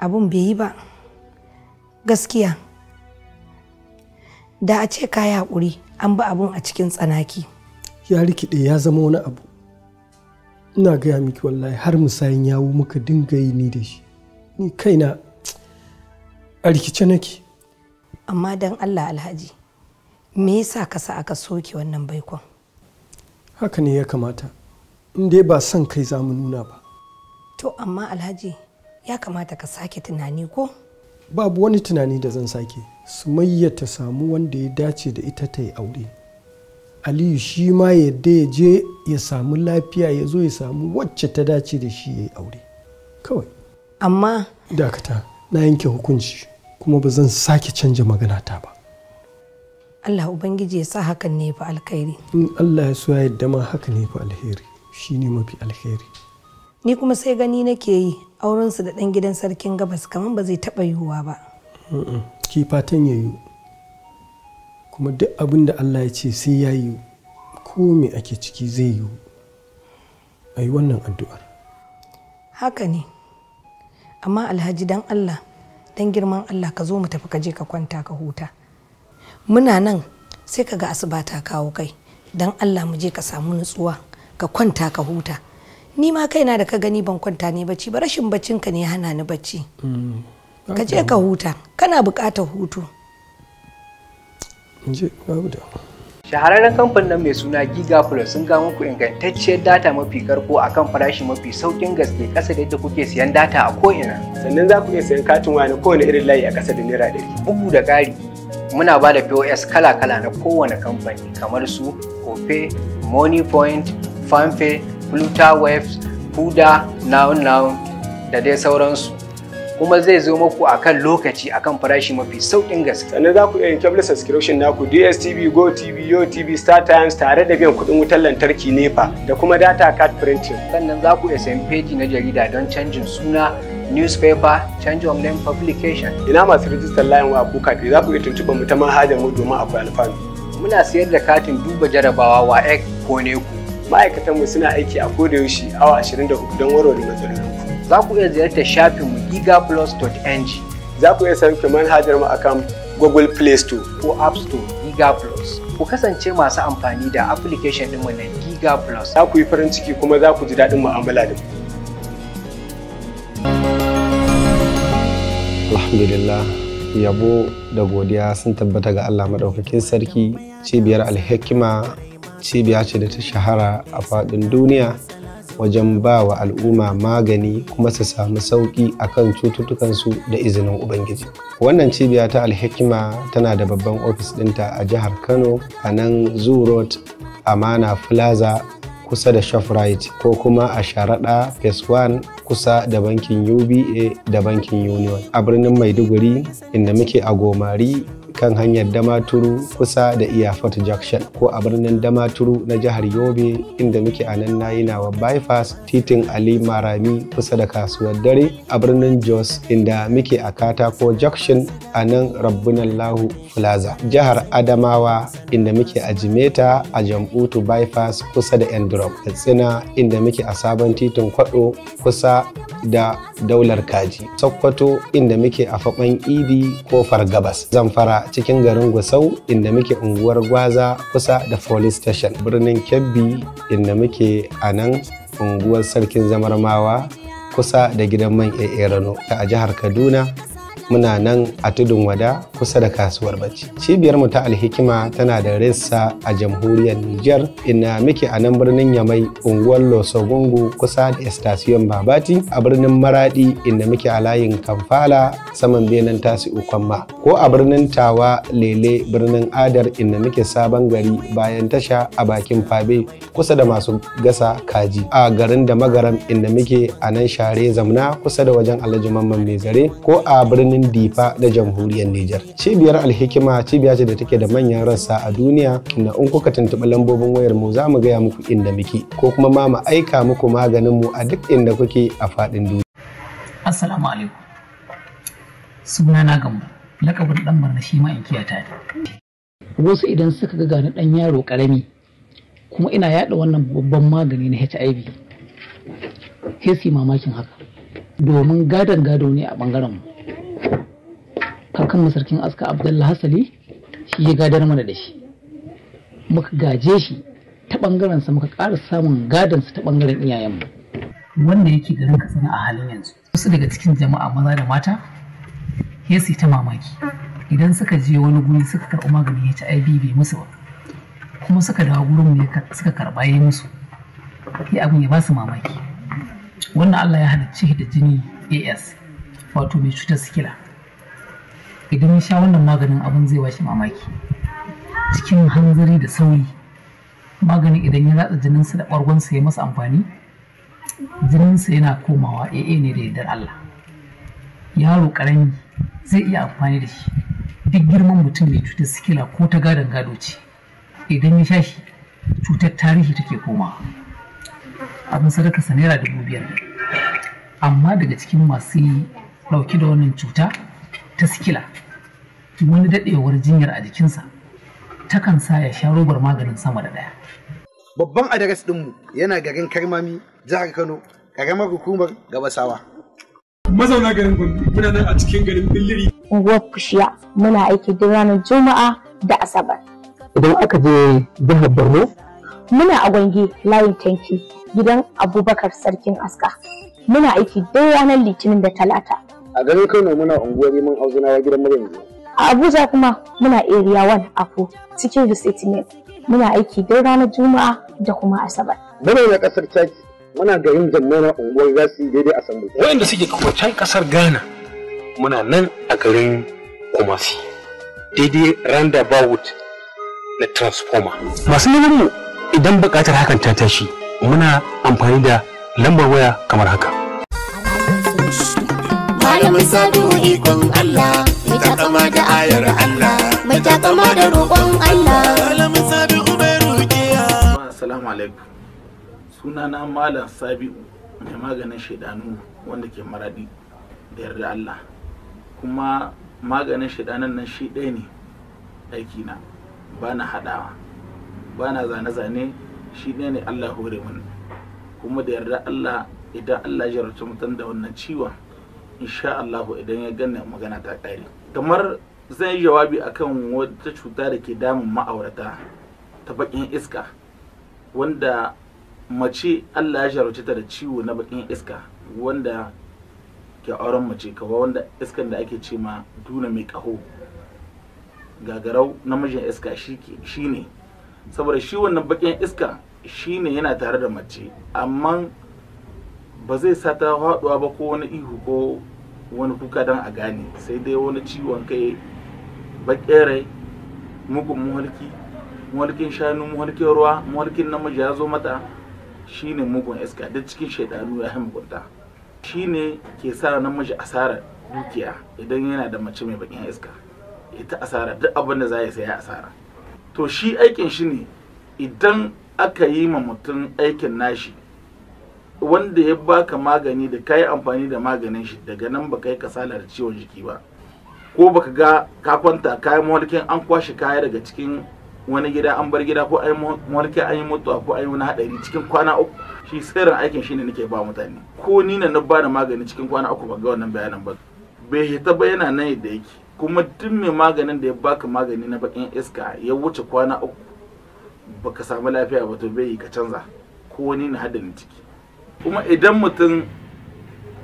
abun bai yi ba gaskiya da a ce kaya haƙuri an ba abun a cikin tsanaki ya rikide ya zama wani abu ina gaya miki wallahi har musayin yawo muka dinga yi ni da shi ni kaina a rikice nake amma don allah alhaji me yasa ka sa aka soke wannan baikon haka ne ya kamata in dai ba son kai za mu nuna ba to amma alhaji ya kamata ka sake tunani ko babu wani tunani da zan sake sumayya ta samu wanda ya dace da ita ta yi aure aliyu shi ma yadda ya je ya samu lafiya ya zo ya samu wacce ta dace da shi ya yi aure kawai amma dakata na yanke hukunci kuma ba zan sake canja magana ta ba Allah Ubangiji ya sa hakan ne fi alkhairi. In Allah ya so ya yadda ma haka ne fi alheri shi ne mafi alheri. Ni kuma sai gani nake yi aurensu da ɗan gidan sarkin gabas kamar ba zai taɓa yiwuwa ba. Ki fatan ya yiwu. Kuma duk abin da Allah ya ce sai ya yiwu ko me ake ciki zai yiwu. A yi wannan addu'ar. Haka ne. Amma Alhaji dan Allah, dan girman Allah ka zo mu tafi ka je ka kwanta ka huta. muna nan sai ka ga asuba ta kawo kai don allah mu je ka samu nutsuwa ka kwanta ka huta ni ma kaina da ka gani ban kwanta ne bacci ba rashin baccin ka ne hana ni bacci mm, ka je ka huta kana buƙatar hutu shahararren kamfanin nan mai suna giga plus sun ga muku ingantacciyar data mafi karko a kan farashi mafi saukin gaske kasa da yadda kuke siyan data a ko'ina sannan za ku iya siyan katin waya kowane irin layi a kasa da naira ɗari bugu da ƙari muna ba da POS kala-kala na kowane kamfani kamar su Kofe, Moneypoint, Fanfe, Flutterwaves, Huda, Now Noun da dai sauransu. kuma zai zo muku akan lokaci akan farashi mafi sauƙin gaske. Sannan za ku iya yin cable subscription naku DSTV, GoTV, star StarTimes tare da biyan kuɗin wutar lantarki NEPA da kuma data card printing. Sannan za ku iya sayan peji na jarida don canjin suna newspaper, change of name publication. Ina masu rijistar layin wa ko kati za ku iya tuntuba mu ta manhajar mu domin akwai alfanu. Muna siyar da katin duba jarabawa wa ek ko neku. Ma'aikatanmu suna aiki a kodayaushe awa 23 don warware ku Za ku iya ziyartar shafinmu gigaplus.ng. Za ku iya sauke manhajar mu akan Google Play Store ko App Store Giga Ku kasance masu amfani da application ɗinmu na Giga Plus. Za ku yi farin ciki kuma za ku ji daɗin mu'amala da ku alhamdulillah yabo da godiya sun tabbata ga allah maɗaukakin sarki cibiyar alhikima cibiya ce da ta shahara a faɗin duniya wajen ba wa al'umma magani kuma su samu sauƙi a kan cututtukansu da izinin ubangiji wannan cibiya ta alhikima tana da babban ofis dinta a jihar kano a nan zoo road amana plaza kusa da shoprite ko kuma a sharaɗa phase 1 kusa da bankin uba da bankin union a birnin maiduguri inda muke a gomari kan hanyar damaturu kusa da iyafort junction ko a birnin damaturu na jihar yobe inda muke a nan nayi wa bypass titin ali marami kusa da kasuwar dare a birnin jos inda muke a katako junction a nan rabbunan lahu plaza jihar adamawa inda muke a jimeta a jam'utu bypass kusa da endrop tsina inda muke a sabon titin kwado kusa da daular kaji sokoto inda muke a faɓan idi ko Fargabas, zamfara a cikin garin Gusau inda muke unguwar Gwaza kusa da police station. Birnin Kebbi inda muke a nan unguwar Sarkin Zamarmawa kusa da gidan man Rano a jihar Kaduna muna nan a tudun wada kusa da kasuwar bacci cibiyar mu ta alhikima tana da rissa a jamhuriyar nijar ina muke a nan birnin yamai unguwar losogungu kusa da estasiyon babati a birnin maradi inda muke a layin kamfala saman benin tasi ukwamma ko a birnin tawa lele birnin adar inda muke sabon gari bayan tasha a bakin fabe kusa da masu gasa kaji a garin da magaram inda muke a nan share zamna kusa da wajen alhaji mamman mai zare ko a birnin tsakanin Difa da jamhuriyar Nijar. Cibiyar Alhikima cibiya ce da take da manyan rassa a duniya na in kuka tuntuɓi lambobin wayar mu za mu gaya muku inda muke ko kuma ma mu aika muku maganin mu a duk inda kuke a faɗin duniya. Assalamu alaikum. suna na gamu. lakabin dan barna shi ma in kiyata ne. Wasu idan suka ga gani ɗan yaro karami kuma ina yaɗa wannan babban magani na HIV. Hesi mamakin haka. domin gadon gado ne a bangaren mu kakan sarkin aska abdullahi hasali shi ya gadar mana da shi muka gaje shi ta bangaren sa muka ƙara samun gadon ta bangaren iyayenmu wanda yake garin katsina a halin yanzu wasu daga cikin jama'a maza da mata ya su ta mamaki idan suka je wani guri suka karɓi maganin HIV bai musu ba kuma suka dawo gurin mu suka karɓa ya musu ya abin ya ba su mamaki wannan Allah ya halicci da jini AS wato mai cutar sikila idan ya sha wannan maganin abin zai washe mamaki cikin hanzari da sauri maganin idan ya ratsa jininsa da ɓargonsa ya masa amfani jininsa yana komawa AA ne da yardar Allah yaro karami zai iya amfani da shi duk girman mutum mai cutar sikila ko ta gadon gado ce idan ya sha shi cutar tarihi take komawa abin sadaka sanera dubu biyar amma daga cikin masu yi. ɗauki da wannan cuta ta sikila wani daɗewar jinyar a jikinsa takan sa ya sha robar maganin sama da ɗaya. Babban adres ɗinmu yana garin Karmami, jihar Kano, ƙaramar hukumar Gabasawa. Mazauna garin Gombe muna nan a cikin garin Billiri. Unguwar Kushiya muna aiki duk ranar Juma'a da Asabar. Idan aka je jihar Borno? Muna a Gwange layin tanki gidan Abubakar Sarkin Aska. Muna aiki duk ranar Litinin da Talata. a ganin Kano muna unguwar Rimin Auzunawa gidan Maryam A Abuja kuma muna area 1 afo cikin restatement muna aiki don ranar Juma'a da kuma Asabar. Muna da kasar caki muna garin Jammana unguwar yi daidai a Sambo. Wayanda suke can kasar Ghana muna nan a garin Kumasi daidai roundabout na transformer. Masu neman mu idan buƙatar hakan ta tashi muna amfani da lambar waya kamar haka. malamin sabu ikon Allah mai takama da ayar Allah mai takama da roƙon Allah malamin sadu bai rukiya assalamu alaikum sunana malam sabiu mai maganin shaidanu wanda ke maradi da yarda Allah kuma maganin shaidanan nan shi ɗaya ne aikina ba na haɗawa ba na zane-zane shi ɗaya ne Allah hore mun kuma da yarda Allah idan Allah ya jarrace mutum da wannan ciwon insha Allah idan ya ganna magana ta kare kamar zan yi jawabi akan wata cuta da ke damun ma'aurata ta bakin iska wanda mace Allah ya jarauce ta da ciwo na bakin iska wanda ke auren mace kawai wanda iskan da ake ce ma duna mai kaho gagarau namijin iska shi ne saboda shi wannan bakin iska shine yana tare da mace amma ba zai sa ta haɗuwa ba ko wani ihu ko wani kuka don a gane sai dai wani ciwon kai bakere mugun muhalki muhalkin shanu muhalkin ruwa muhalkin namiji ya zo mata shine mugun iska duk cikin shaidanu ya Shi shine ke sa namiji asarar dukiya idan yana da mace mai bakin iska ita asara duk abin da za ya saya asara to shi aikin shi ne idan aka yi ma mutum aikin nashi wanda ya baka magani da kai amfani da maganin shi daga nan baka yi kasala da ciwon jiki ba ko baka ga ka kwanta kayan mawalkin an kwashe kaya daga cikin wani gida an bar gida ko an mawalkin an yi mutuwa ko an wani hadari cikin kwana uku shi sirrin aikin shine nake ba mutane ko ni na ba da magani cikin kwana uku ban ga wannan bayanan ba bai hita ba yana nan da yake kuma duk mai maganin da ya baka magani na bakin iska ya wuce kwana uku baka samu lafiya ba to bai yi ka canza ko wani na hadarin ciki kuma idan mutum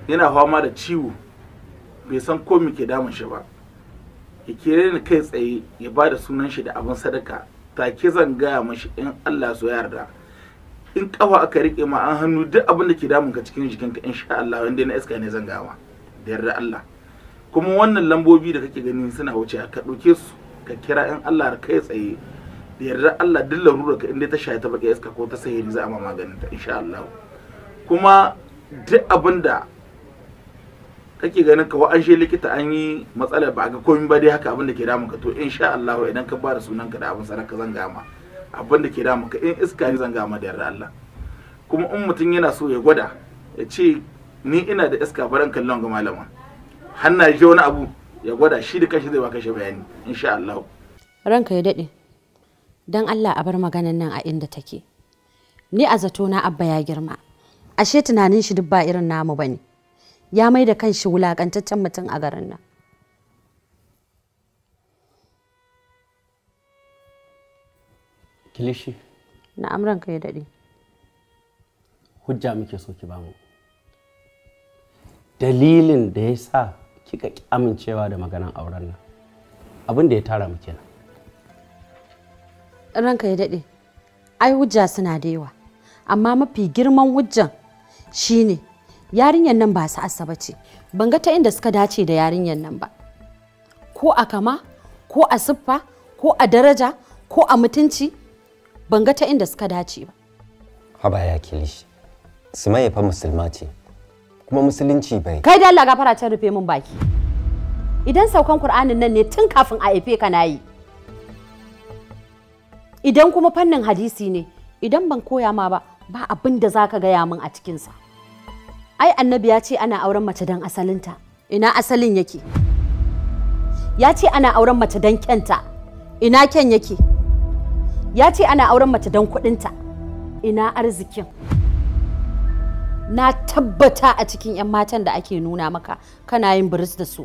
yana fama da ciwo bai san ko me ke damun shi ba ya kere ni kai tsaye ya ba da sunan shi da abin sadaka take zan gaya mashi in Allah so yarda in kafa aka rike ma an hannu duk abin da ke damun ka cikin jikinka insha Allah wanda na iska ne zan gawa da yarda Allah kuma wannan lambobi da kake gani suna wuce ka ɗauke su ka kira in Allah kai tsaye da yarda Allah duk larurar ka inda ta shaye ta baka iska ko ta sahiri za a ma maganin ta insha Allah kuma duk abin da kake ganin ka an shi likita an yi matsala ba ga komai ba dai haka abin da ke damu ka to insha Allah idan ka bada sunan ka da abin ka zan gama abin da ke damu ka in iska ne zan gama da yarda Allah kuma in mutum yana so ya gwada ya ce ni ina da iska baran kallon ga malama hanna ji wani abu ya gwada shi da kashi zai baka shi bayani insha Allah ranka ya dade dan Allah a bar maganan nan a inda take ni a zato na abba ya girma ashe tunanin shi duk ba irin namu bane ya mai da kanshi wulakantaccen mutum a garin nan kilishi na amran ka ya daɗe hujja muke so ki bamu dalilin da ya sa kika ki amincewa da maganan auren nan abin da ya tara mu kenan ranka ya daɗe ai hujja suna da yawa amma mafi girman hujjan shine yarinyar nan ba su ba ce ban ga ta inda suka dace da yarinyar nan ba ko a kama ko a siffa ko a daraja ko a mutunci ban ga ta inda suka dace ba haba ya kilishi sumaye fa musulma ce kuma musulunci bai kai da Allah gafara ta rufe min baki idan saukan qur'anin nan ne tun kafin a haife ka nayi idan kuma fannin hadisi ne idan ban koya ma ba ba abin da zaka gaya min a cikinsa ai annabi ya ce ana auren mace dan asalinta ina asalin yake ya ce ana auren mace don kyanta ina kyan yake ya ce ana auren mace don kudinta ina arzikin na tabbata a cikin 'yan matan da ake nuna maka kana yin biris da su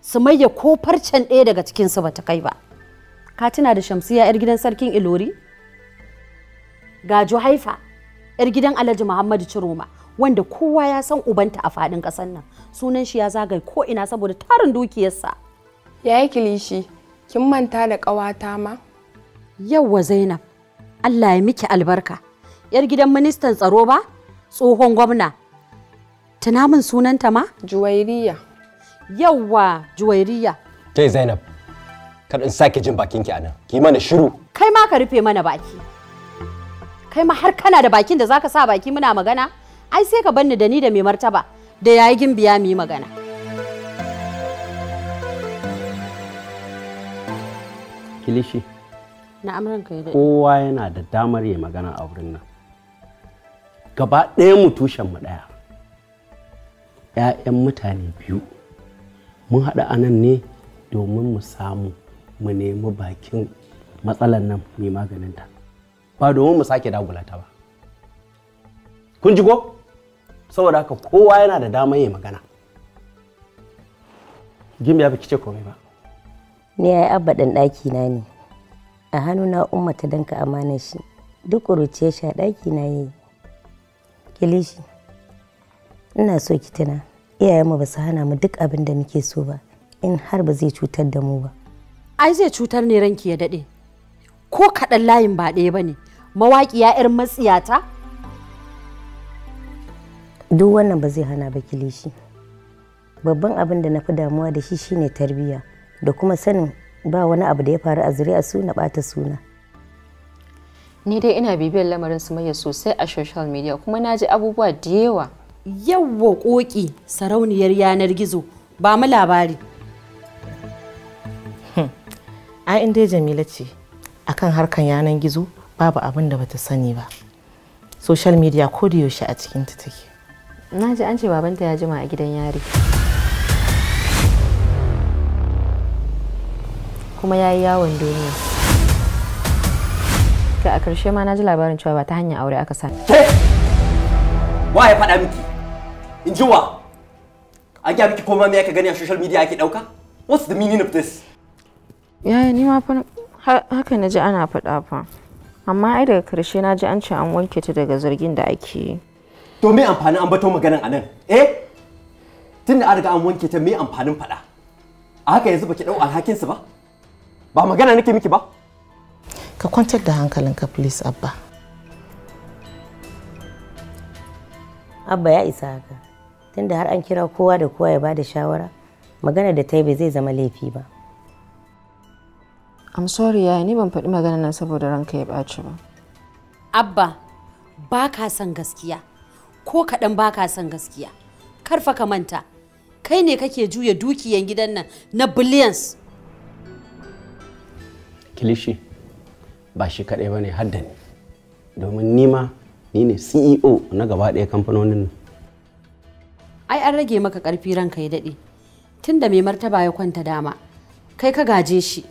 su maye ko farcen ɗaya daga cikinsu ba ta kai ba ka tuna da shamsiya 'yar gidan sarkin ilori ga juhaifa 'yar gidan alhaji muhammadu ciroma wanda kowa ya san ubanta a fadin kasan nan sunan shi ya zagaye ko ina saboda tarin dukiyarsa ya yi kilishi kin manta da ƙawata ma yawwa zainab allah ya miki albarka yar gidan ministan tsaro ba tsohon gwamna tuna min sunanta ma juwairiya yawwa juwairiya kai zainab kar in sake jin bakinki anan ki mana shiru kai ma ka rufe mana baki kai ma har kana da bakin da zaka sa baki muna magana ai sai ka banni da ni da mai martaba da yayi gimbiya mu yi magana kilishi na ya kowa yana da damar yi magana a wurin nan gaba ɗaya mu tushen mu ɗaya ‘ya'yan mutane biyu mun haɗa anan ne domin mu samu mu nemi bakin matsalar nan mai ta ba domin mu sake dagula ta ba kun ji ko? saboda haka kowa yana da damar ya magana gimbi ya fi ce komai ba ni ya yi abba ɗan ɗaki na ne a hannu na umma ta danka amanar shi duk kuruciya ya sha ɗaki na yi kilishi ina so ki tuna iyayenmu ba su hana mu duk abin da muke so ba in har ba zai cutar da mu ba ai zai cutar ne ranki ya daɗe ko kaɗan layin ba ɗaya ba ne mawaƙiya 'yar matsiyata duk wannan ba zai hana ba kilishi babban abin da na fi damuwa da shi shine tarbiyya da kuma sanin ba wani abu da ya faru a zuri'a su na bata suna ni dai ina bibiyar lamarin su sumayya sosai a social media kuma na ji abubuwa da yawa yawwa koki sarauniyar yanar gizo ba mu labari hmm. a inda jamila ce akan harkan yanar gizo babu abin da bata sani ba social media ko da yaushe a cikinta take na ji an ce babanta ya jima a gidan yari kuma ya yi yawon duniya ga a ƙarshe ma na ji labarin cewa ba ta hanyar aure aka sa ke wa ya faɗa miki in ji wa a gya miki koma me aka gani a social media ake ɗauka what's the meaning of this yaya ni ma fa haka na ji ana faɗa fa amma ai daga ƙarshe na ji an ce an wanke ta daga zargin da ake yi to me amfanin bato maganan anan eh tunda an riga an wanke ta me amfanin faɗa a haka yanzu baki dau alhakin ba ba magana nake miki ba ka kwantar da hankalinka please abba abba ya isa haka tunda har an kira kowa da kowa ya bada shawara magana da ta yi bai zai zama laifi ba I'm sorry yaya ni ban faɗi magana nan saboda ranka ya ɓaci ba abba ba ka son gaskiya ko kaɗan ba ka son gaskiya karfa ka manta kai ne kake juya dukiyan gidan nan na billions kilishi ba shi kaɗai ba ne hadda domin nima ni ne ceo na gaba ɗaya kamfanonin nan ai an rage maka ƙarfi ranka ya daɗe tun da mai martaba ya kwanta dama kai ka gaje shi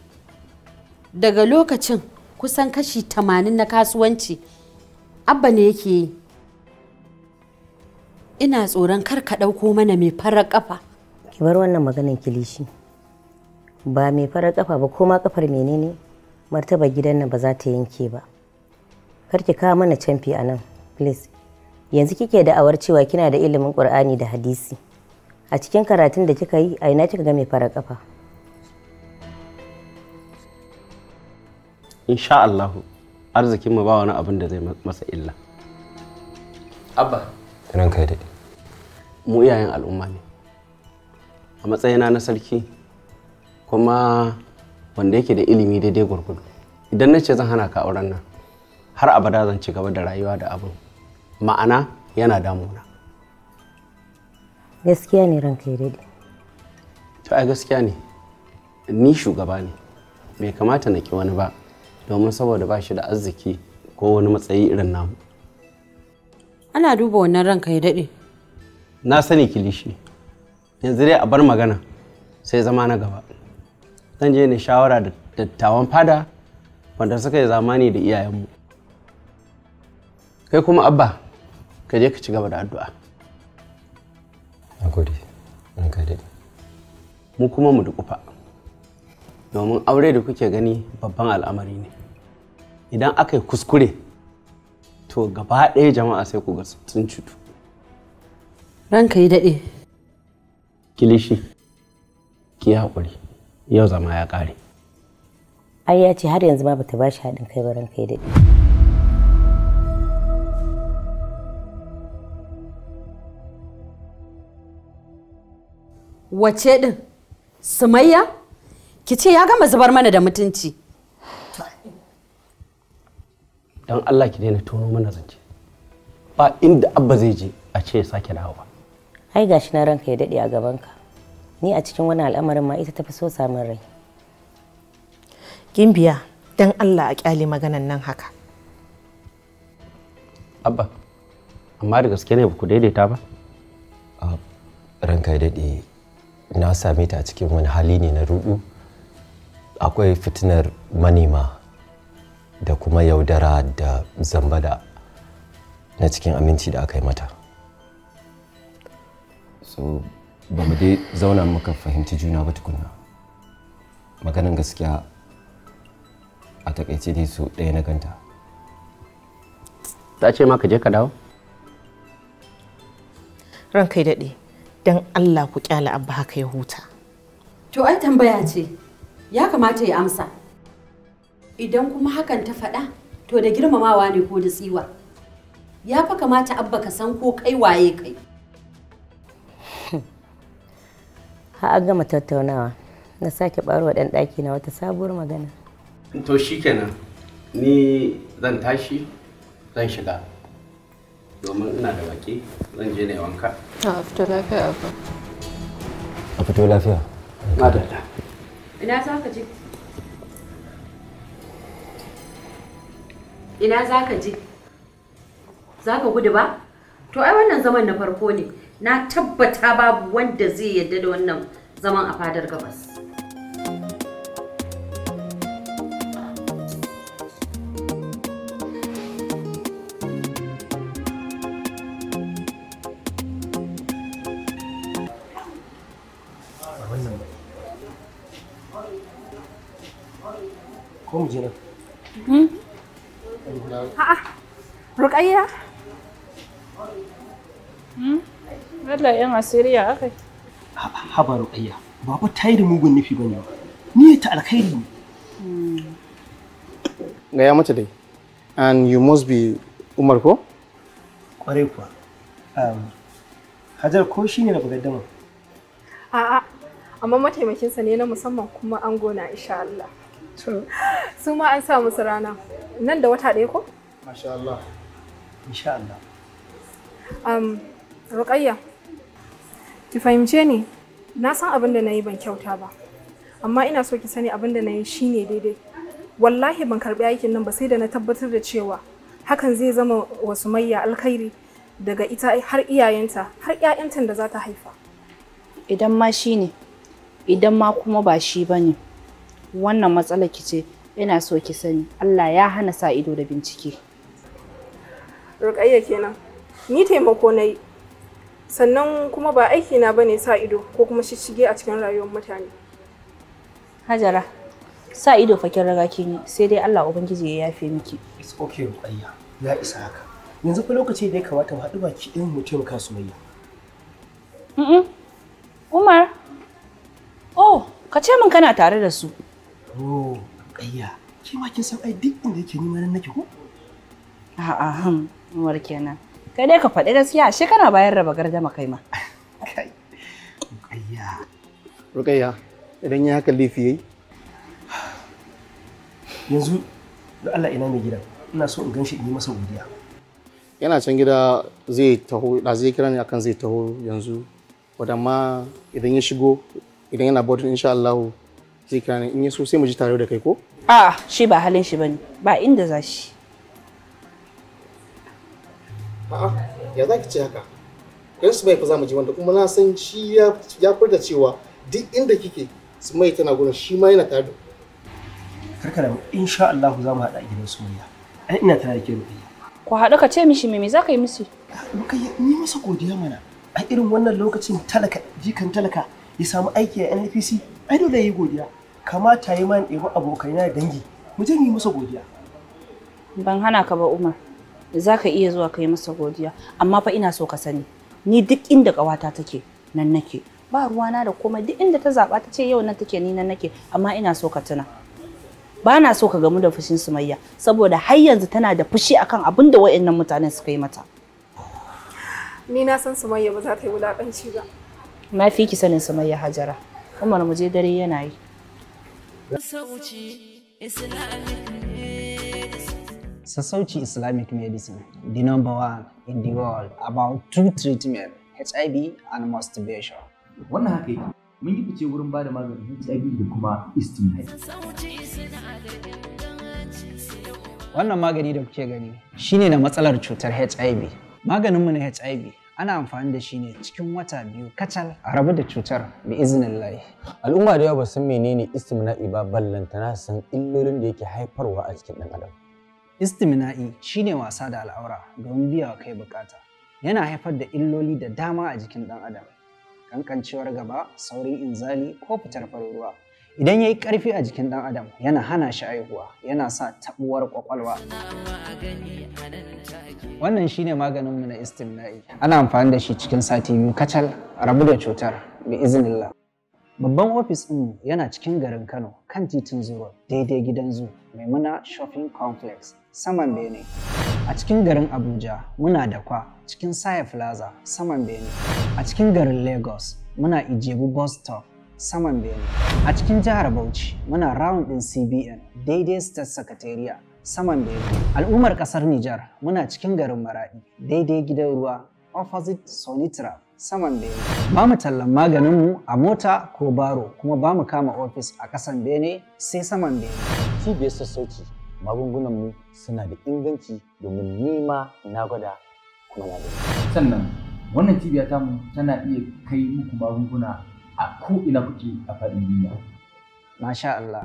daga lokacin kusan kashi 80 na kasuwanci abba ne yake yi ina tsoron kar ka ɗauko mana mai farar ƙafa. ki bar wannan maganin kilishi ba mai farar ƙafa ba koma ma ƙafar menene martaba gidan nan ba za ta yanke ba kar ki kawo mana canfi a nan please yanzu kike da'awar cewa kina da ilimin ƙur'ani da hadisi a cikin karatun da kika yi a ina kika ga mai farar ƙafa insha arzikin arzikinmu ba wani abin da zai masa illa abba ranka ya daɗe mu iyayen al'umma ne a matsayina na sarki kuma wanda yake da ilimi daidai gwargwado idan na ce zan hana ka auren nan har abada zan ci gaba da rayuwa da abin ma'ana yana damuna gaskiya ne ranka ya daɗe. to ai gaskiya ne ni shugaba ne bai kamata na ki wani ba domin saboda ba shi da arziki ko wani matsayi irin namu ana duba wannan ranka ya daɗe na sani kilishi yanzu dai a bar magana sai zama na gaba zan je ni shawara da dattawan fada wanda suka yi zamani da iyayenmu kai kuma abba ka je ka ci gaba da addu'a gode mu kuma mu dukufa domin aure da kuke gani babban al'amari ne idan aka yi kuskure to gaba ɗaya jama'a sai ku ga sun cutu ranka yi daɗe kilishi ki haƙuri yau zama ya ƙare ai ya ce har yanzu ma bata ba shi haɗin kai ba ranka yi daɗe wace ɗin sumayya ki ce ya gama zubar mana da mutunci dan Allah ki daina tono mana zance ba inda abba zai je a ce ya sake dawo ba ai gashi na ranka ya dade a gaban ka ni a cikin wani al'amarin ma ita tafi so samun rai gimbiya don Allah a kyale maganan nan haka abba amma da gaske ne ba ku daidaita ba ranka ya dade na same ta a cikin wani hali ne na rudu akwai fitinar manema da kuma yaudara da zambada na cikin aminci da aka yi mata so ba mu dai zauna muka fahimci juna ba tukuna, maganin gaskiya a takaice dai su ɗaya na ganta ta ce maka je ka dawo ran kai daɗe don allah ku kyala abba haka ya huta to ai tambaya ce ya kamata ya amsa Idan kuma hakan ta faɗa, to da girmamawa ne ko da tsiwa. Ya fa kamata abba ka san ko kai waye kai. Ha an gama tattaunawa, na sake ɓarwa ɗan ɗaki na wata sabuwar magana. To shikenan, ni zan tashi zan shiga. Domin ina da baki zan je na wanka. A fito lafiya abba. A fito lafiya. Madalla. Ina za ka je? ina za ka je za ka gudu ba to ai wannan zaman na farko ne na tabbata babu wanda zai yadda da wannan zaman a fadar gabas Mm-hmm. Rukayya? Hmm? Allah yan asiriya akai. Haba Rukayya, babu tayi da mugun nufi ba ne. Ni ta alkhairi ne. Hmm. Gaya mata dai. And you must be Umar ko? Kwarai kuwa. Um, Hajar ko shi ne na bugaddama? A'a, amma mataimakinsa ne na musamman kuma an gona insha Allah. Su ma an sa musu rana. nan da wata ɗaya ko? Masha Allah. Insha Allah. Um, Rukayya, ki fahimce ni, na san abin da na yi ban kyauta ba, amma ina so ki sani abin da na yi shi ne daidai. Wallahi ban karɓi aikin nan ba sai da na tabbatar da cewa hakan zai zama wasu mayya alkhairi daga ita har iyayenta har 'ya'yanta da za ta haifa. Idan ma shi ne, idan ma kuma ba shi ba ne, wannan matsala ki ce. ina so ki sani Allah ya hana sa ido da bincike Rukayya kenan ni taimako na yi sannan kuma ba aiki na bane sa ido ko kuma shishige a cikin rayuwar mutane Hajara sa ido fa kin riga kin yi sai dai Allah ubangiji ya yafe miki it's okay Rukayya ya isa haka yanzu fa lokaci da ya kamata mu haɗu baki ɗin mu taimaka mai Mm Umar Oh ka ce min kana tare da su Oh Rukayya, ke ma kin san ai duk inda yake ni ma nan nake ko? A'a, han, hmm, war kenan. Kai dai ka faɗi gaskiya, ashe kana bayan raba gardama kai ma. Kai. Rukayya. idan ya haka lifi yayi. Yanzu da Allah ina mai gidan. Ina so in ganshi in yi masa godiya. Yana can gida zai taho, da zai kira ni akan zai taho yanzu. Wadamma idan ya shigo, idan yana bodin insha Allah zai kira ni in ya so sai mu ji tare da kai ko a shi ba halin shi bane ba inda za shi a'a ya za ki ce haka kai su bai fa za mu ji wanda kuma na san shi ya ya furta cewa duk inda kike su mai tana gurin shi ma yana tare da karkara insha Allah za mu haɗa gidan soyayya ai ina tare da ke rubiya ku haɗu ka ce mishi me za ka yi musu kai ni masa godiya mana a irin wannan lokacin talaka jikan talaka ya samu aiki a NPC ai dole yi godiya kamata yi man ɗebi abokaina na dangi mu je yi masa godiya ban hana ka ba Umar za ka iya zuwa ka yi masa godiya amma fa ina so ka sani ni duk inda ƙawata take nan nake ba ruwana da komai duk inda ta zaɓa ta ce yau nan take ni nan nake amma ina so ka tuna ba na so ka gamu da fushin sumayya saboda har yanzu tana da fushi akan abin da waɗannan mutanen suka yi mata ni na san sumayya ba za ta yi wulaƙanci ba na ki sanin sumayya hajara umar mu je dare yana yi sassauci islamic medicine the number one in the world about two treatment hiv and masturbation wannan haka yi mun yi fice wurin ba da maganin hiv da kuma eastern wannan magani da kuke gani shine na matsalar cutar hiv maganinmu na hiv ana amfani da shi ne cikin wata biyu kacal a rabu da cutar bi izinin layi. Al'umma da yawa ba san menene istimna'i ba ballantana san illolin da yake haifarwa a cikin ɗan adam. Istimna'i ne wasa da al'aura don biya wa kai bukata. Yana haifar da illoli da dama a jikin ɗan adam. Kankancewar gaba, saurin inzali ko fitar farin ruwa. idan ya yi ƙarfi a jikin ɗan adam yana hana shi aihuwa yana sa tabuwar ƙwaƙwalwa. wannan shine maganinmu na istimna'i ana amfani da shi cikin sati biyu kacal rabu da cutar bi iznillah babban ofis mu yana cikin garin kano kan titin zuwa daidai gidan zu maimuna shopping complex saman bene a cikin garin abuja muna da kwa cikin saya plaza saman bene a cikin garin lagos muna ijebu bus stop saman bene a cikin jihar bauchi muna rawan ɗin cbn daidai state sakatariya saman bene al'ummar ƙasar nijar muna cikin garin Maraɗi, daidai gidan ruwa opposite sonitra saman bene ba mu tallan maganinmu a mota ko baro kuma ba mu kama ofis a kasan bene sai saman bene cibiyar sassauci magungunanmu suna da inganci domin nema na gwada kuma na sannan wannan cibiya tamu tana iya kai muku magunguna a ko'ina kuke a faɗin duniya. Masha Allah.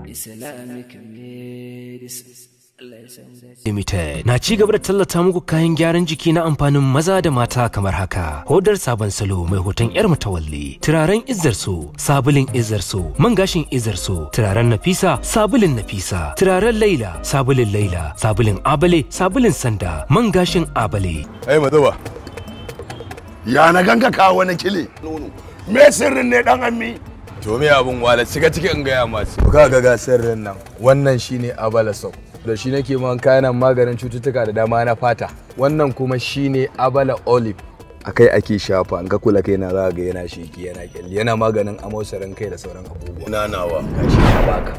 Limited na ci gaba da tallata muku kayan gyaran jiki na amfanin maza da mata kamar haka. Hodar sabon salo mai hoton yar mutawalli, turaren izarsu, sabulin izarsu, man gashin izarsu, turaren nafisa, sabulin nafisa, turaren laila, sabulin laila, sabulin abale, sabulin sanda, man gashin abale. Ai madawa. Ya na ganga kawo wani kile. Nono. me sirrin ne dan ammi to me abun wala shiga ciki in gaya masu ka ga ga sirrin nan wannan shine abalasau da shi nake man kayanan maganin cututtuka da dama na fata wannan kuma shine abala olive akai ake shafa in ka kula kai na za ga yana shiki yana kyalli yana maganin amosarin kai da sauran abubuwa ina nawa Kashi na baka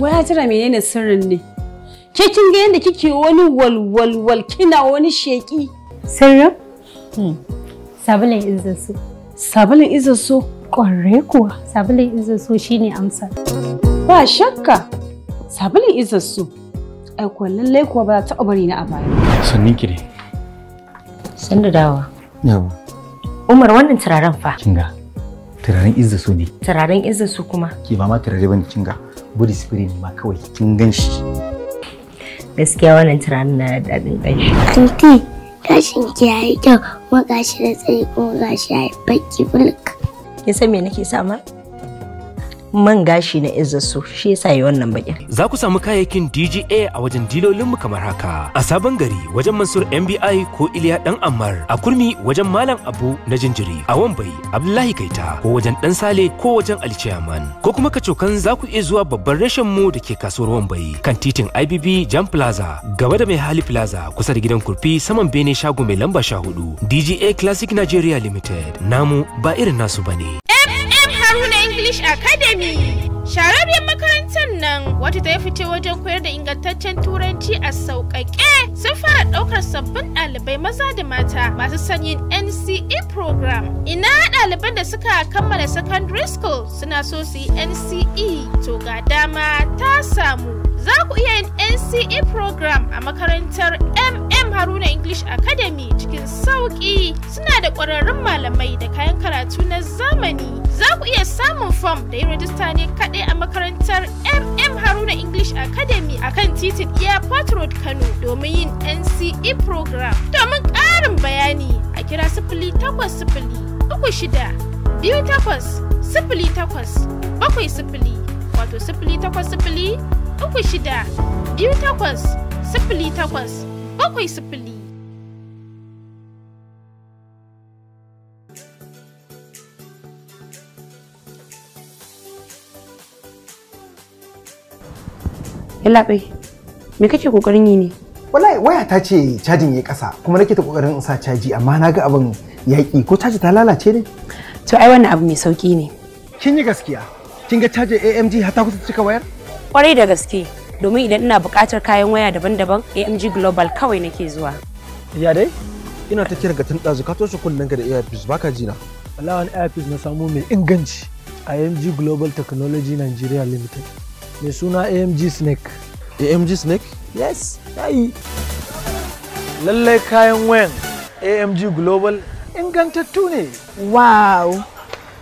waya menene sirrin ne Ke kin ga yadda kike wani walwalwal kina wani sheki. Sirra? Hmm. Sabulin izin so. Sabulin izin so? Ƙwarai kuwa. Sabulin izin so shine amsa. Ba shakka. Sabulin izin so. Ai kuwa lallai kuwa ba ta bari na a baya. Sannin ki ne. da dawa. Yawa. Umar wannan turaren fa. Kinga. turaren izza su ne turaren izza su kuma ki ba ma turare bane kinga body spray ne ma kawai kin ganshi gaskiya wannan tunanin na daɗin ƙanshi. Tunti, gashin ki ya yi kyau, kuma gashi da tsaye kuma gashi ya yi baki bulk. Kin san me nake sa ma? man gashi na izzasu shi yasa yi wannan bakin. Za ku samu kayayyakin DGA a wajen dilolinmu kamar haka. A sabon gari wajen Mansur MBI ko Iliya Dan Ammar, a Kurmi wajen Malam Abu na Jinjiri, a Wambai Abdullahi Kaita ko wajen Dan Sale ko wajen Ali Chairman. Ko kuma kacokan za ku iya zuwa babban reshen mu da ke kasuwar Wambai kan titin IBB Jam Plaza gaba da Mai Hali Plaza kusa da gidan Kurfi saman Bene Shago mai lamba sha hudu, DGA Classic Nigeria Limited namu ba irin nasu bane. English Academy. Shararriyar makarantar nan wata ta fice wajen koyar da ingantaccen turanci a sauƙaƙe sun fara ɗaukar sabbin ɗalibai maza da mata masu sanyin NCE program. Ina ɗaliban da suka kammala secondary school suna so su yi NCE to ga dama ta samu. Za ku iya yin NCE program a makarantar MM Haruna English Academy cikin sauƙi suna da ƙwararrun malamai da kayan karatu na zamani. Za ku iya samun fom da yin rajista ne kaɗai a makarantar MM Haruna English Academy a kan titin Airport Road Kano domin yin NCE program. Domin ƙarin bayani a kira sifili takwas sifili uku shida biyu takwas sifili takwas bakwai sifili wato sifili takwas sifili uku shida biyu takwas sifili takwas bakwai sifili. Yallaɓai, me kake ƙoƙarin yi ne? Wallahi waya ta ce cajin ya ƙasa kuma nake ta ƙoƙarin in sa caji amma na ga abin yaƙi ko caji ta lalace ne? To ai wannan abu mai sauƙi ne. Kin yi gaskiya, kin ga cajin AMG har ta kusa cika wayar? kwarai da gaske domin idan ina buƙatar kayan waya daban-daban amg global kawai nake zuwa ya dai ina ta kiran ka tun ɗazu ka toshe ka da airpeace baka ji na wallahi wani na samu mai inganci amg global technology nigeria limited mai suna amg snake amg snake yes yi. lallai kayan wayan amg global ingantattu ne wow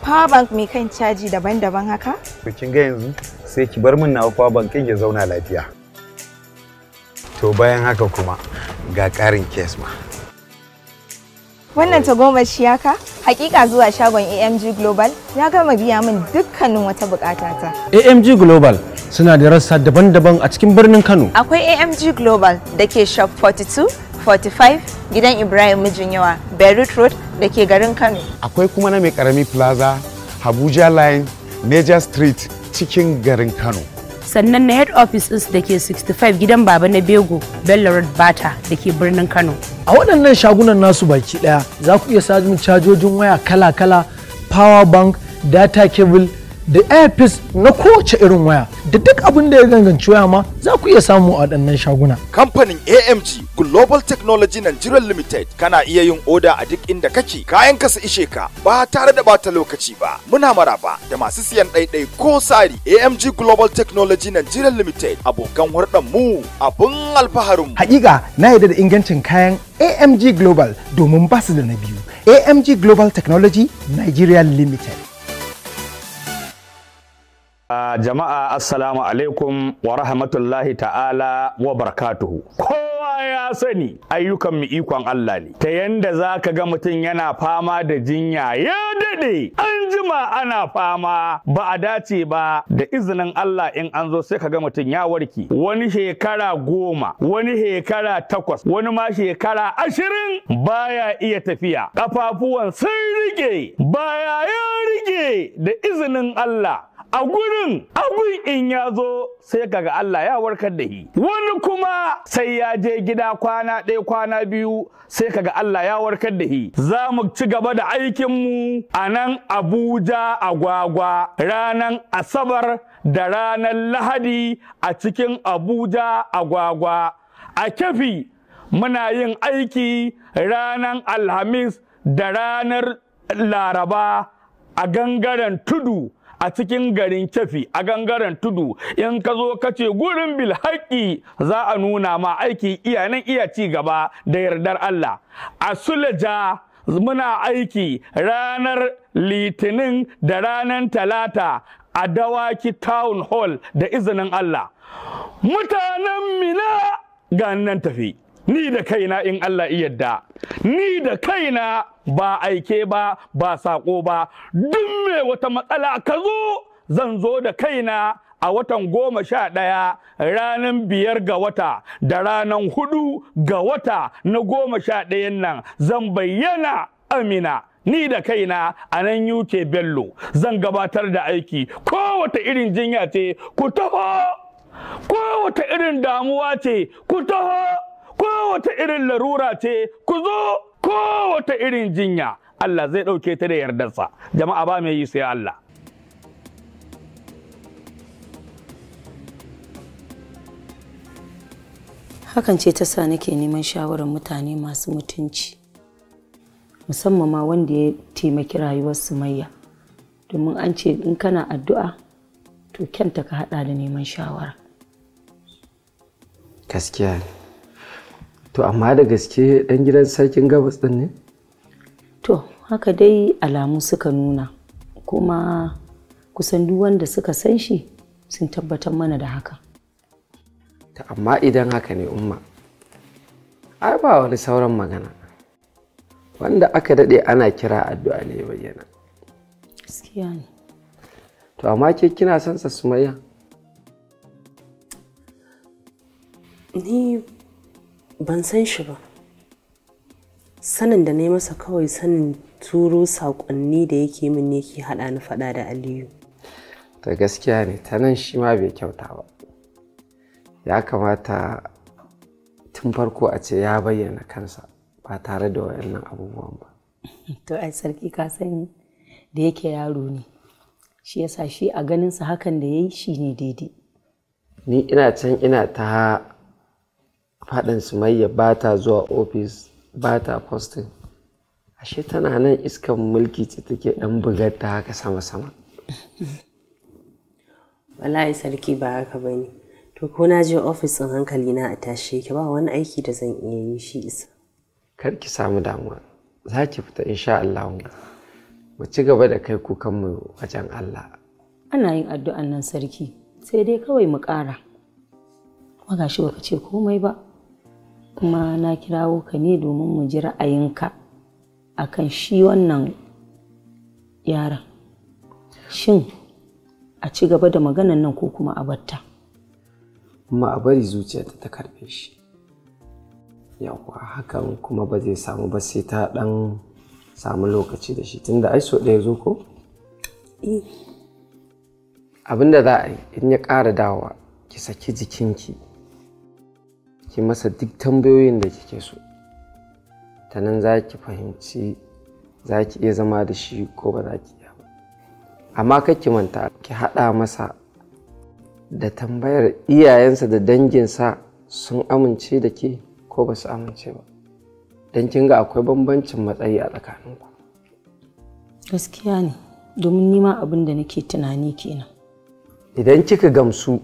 power bank mai kan caji daban-daban haka kin ga yanzu sai ki bar min nawa kwa bankin ya zauna lafiya to bayan haka kuma ga ƙarin kes ma wannan tagomashi yaka hakika zuwa shagon amg global ya gama biya min dukkanin wata bukata ta amg global suna da rassa daban-daban a cikin birnin kano akwai amg global da ke shop 42 45 gidan ibrahim mijin beirut road da ke garin kano akwai kuma na mai karami plaza abuja line major street cikin garin Kano. Sannan na head office is da ke 65 gidan Baba na Bego, Bello Road Bata da ke birnin Kano. A waɗannan shagunan nasu baki ɗaya za ku iya samun cajojin waya kala-kala, power bank, data cable, da airpiece na kowace irin waya da duk abin da ya ganganci waya ma za ku iya samu a waɗannan shaguna. Kamfanin AMG Global Technology Nigeria Limited kana iya yin oda a duk inda kake kayan kasa ishe ka ba tare da bata lokaci ba. Muna maraba da masu siyan ɗaiɗai ko sari AMG Global Technology Nigeria Limited abokan hurɗar mu abun alfaharin. Hakika na yarda da ingancin kayan AMG Global domin basu da na biyu. AMG Global Technology Nigeria Limited. A ah, jama'a assalamu alaikum wa rahmatullahi ta'ala wa barakatuhu kowa ya sani ayyukan mu ikon Allah ne ta yanda za ka ga mutum yana fama da jinya ya dade an jima ana fama ba a dace ba da izinin Allah in an zo sai ka ga mutum ya warke wani shekara goma wani shekara takwas wani ma shekara ashirin baya iya tafiya ƙafafuwan sun rike baya ya rike da izinin Allah a gurin abin in ya zo sai kaga Allah ya warkar da shi wani kuma sai ya je gida kwana ɗaya kwana biyu sai kaga Allah ya warkar da shi za mu ci gaba da aikinmu a nan Abuja agwagwa ranar Asabar da ranar Lahadi a cikin Abuja agwagwa a kafi muna yin aiki ranar Alhamis da ranar Laraba a gangaren tudu a cikin garin Kyafi a gangaren tudu in ka zo ka ce gurin bilhaƙi za a nuna ma aiki iya nan iya ci gaba da yardar Allah a Suleja muna aiki ranar litinin da ranar talata a dawaki town hall da izinin Allah mutanen mina ga nan tafi ni da kaina in Allah yadda ni da kaina ba aike ba ba saƙo ba duk me wata matsala ka zo zan zo da kaina a watan goma sha ɗaya ranar biyar ga wata da ranar hudu ga wata na goma sha ɗayan nan zan bayyana amina ni da kaina a nan UK Bello zan gabatar da aiki kowata irin jinya ce ku taho kowata irin damuwa ce ku taho kowace irin larura ce ku zo kowace irin jinya Allah zai ɗauke ta da yardarsa jama'a ba mai yi sai Allah hakan ce ta sa nake neman shawarar mutane masu mutunci musamman ma wanda ya taimaki rayuwar sumayya domin an ce in kana addu'a to kyanta ka hada da neman shawara gaskiya ne To amma da gaske ɗan gidan sarkin gabas ɗin ne? To haka dai alamu suka nuna kuma kusan duk wanda suka san shi sun tabbatar mana da haka. Ta amma idan haka ne umma, ai ba wani sauran magana. Wanda aka daɗe ana kira addu'a ne bayyana. Gaskiya ne. To amma ke kina son sa sumayya? Ni ban san shi ba sanin da na yi masa kawai sanin turo saƙonni da yake min ne ke haɗa ni faɗa da aliyu ta gaskiya ne ta nan shi ma bai kyauta ba ya kamata tun farko a ce ya bayyana kansa ba tare da wayannan abubuwan ba to ai sarki ka sani da yake yaro ne shi yasa shi a ganinsa hakan da ya yi shi ne daidai ni ina can ina ta faɗin sumayya ba ta zuwa ofis ba ta postin ashe tana nan iskan mulki ce take ɗan bugar ta haka sama-sama wallahi sarki ba haka ba ne to ko na je ofis ɗin hankali na a tashi, ki ba wani aiki da zan iya yi shi isa kar ki samu damuwa za ki fita insha Allah mu ci gaba da kai kukan mu wajen Allah ana yin addu'an nan sarki sai dai kawai mu ƙara kuma gashi baka ce komai ba kuma na kirawo ka ne domin mu ji ra'ayinka a kan shi wannan yaran shin a ci gaba da maganan nan ko kuma a batta kuma a bari zuciyarta ta karfe shi yawwa hakan kuma ba zai samu ba sai ta dan samu lokaci da shi tunda ai so ɗaya zo ko eh. abinda za a yi in ya ƙara dawa ki saki jikinki ki masa duk tambayoyin da kike so ta nan za ki fahimci za ki iya zama da shi ko ba za ki iya ba amma ki manta ki haɗa masa da tambayar iyayensa da danginsa sun amince da ke ko ba su amince ba don kin ga akwai bambancin matsayi a tsakaninku gaskiya ne domin nima abin da nake tunani kenan idan kika gamsu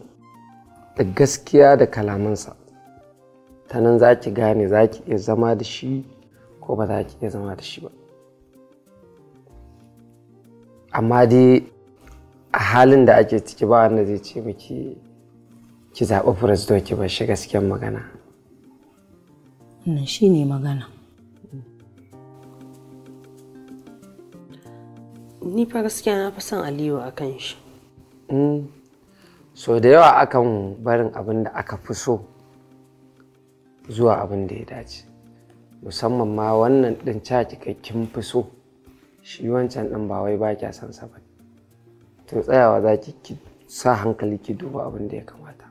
da gaskiya da kalamansa ta nan za ki gane za ki iya zama da shi ko ba za ki iya zama da shi ba amma dai a halin da ake ciki ba wanda zai ce miki ki zaɓi firisto ba shi gasken magana wannan shi ne magana ni fa gaskiya na fi son aliyu a kan shi mm. so da yawa akan barin abin da aka fi so zuwa abin da ya dace musamman ma wannan ɗin cakikakken fi so shi wancan ɗin ba wai ba kya san sa ba to tsayawa za ki sa hankali ki duba abin da ya kamata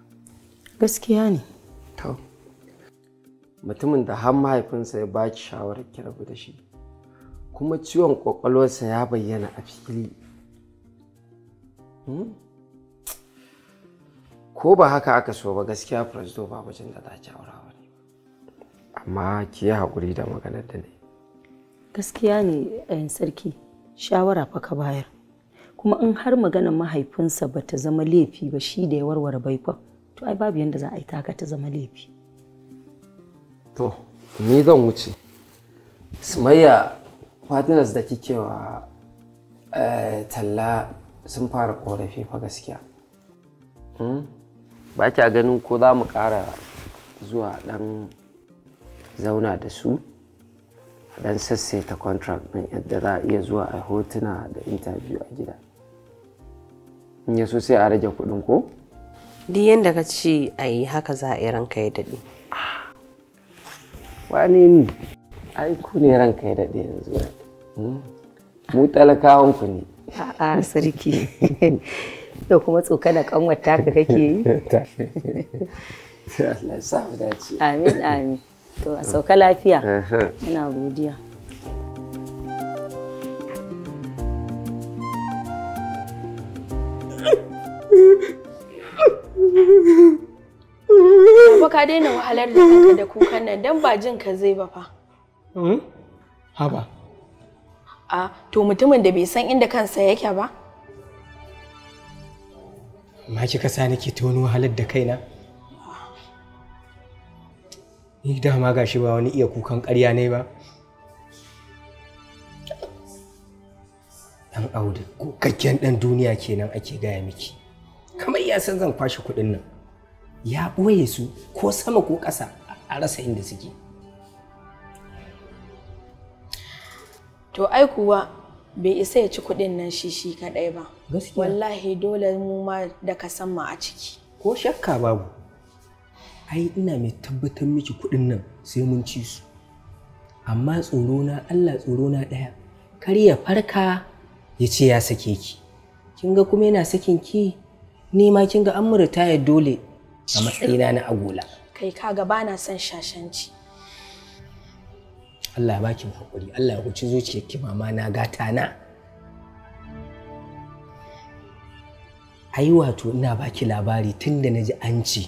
gaskiya ne to mutumin da har mahaifinsa ya baki shawarar ki rabu da shi kuma ciwon kwakwalwarsa ya bayyana a fili hmm? ko ba haka aka so ba gaskiya firasdo ba wajen da za ki aura amma ki yi haƙuri da maganar da ne gaskiya ne ɗayan eh, sarki shawara fa ka bayar kuma in har maganar mahaifinsa ba ta zama laifi ba shi da ya warware baikon to ai babu yadda za a yi taka ta zama laifi to ni zan wuce sumayya partners da kike eh, talla sun fara korafi fa gaskiya hmm? ba kya ganin ko za mu ƙara zuwa ɗan zauna da su dan sassaita contract ɗin yadda za a iya zuwa a hotuna da interview a gida in ya so sai a rage kuɗin ko duk yadda ka ce a yi haka za a yi ranka ya daɗe wani ne ai ku ne ranka ya daɗe yanzu hmm? mu talakawan ku ne a'a sarki da kuma tsokana kanwata ka kake yi amin amin To a sauka lafiya. Ina godiya. Ba ka daina wahalar da kanka da kukan nan dan ba jin ka zai ba fa. Hmm? Haba. A to mutumin da bai san inda kansa yake ba? Ma kika sa nake wani wahalar da kaina? ni dama shi ba wani iya kukan ƙarya ne ba ɗan audu gaggen ɗan duniya kenan ake gaya miki kamar ya san zan kwashe kuɗin nan ya ɓoye su ko sama ko ƙasa a rasa inda suke to ai kuwa bai isa ya ci kuɗin nan shi shi kaɗai ba wallahi dole mu ma da ka san ma a ciki ko shakka babu ai ina mai tabbatar miki kuɗin nan sai mun ci su amma tsoro na Allah tsoro na ɗaya kar ya farka ya ce ya sake ki kin ga kuma yana sakin ki ni ma kin ga an murta ya dole a matsayina na agola kai ka ga bana son shashanci Allah ya baki hakuri Allah ya huci zuciyarki mama na gata na ai wato ina baki labari tunda naji an ce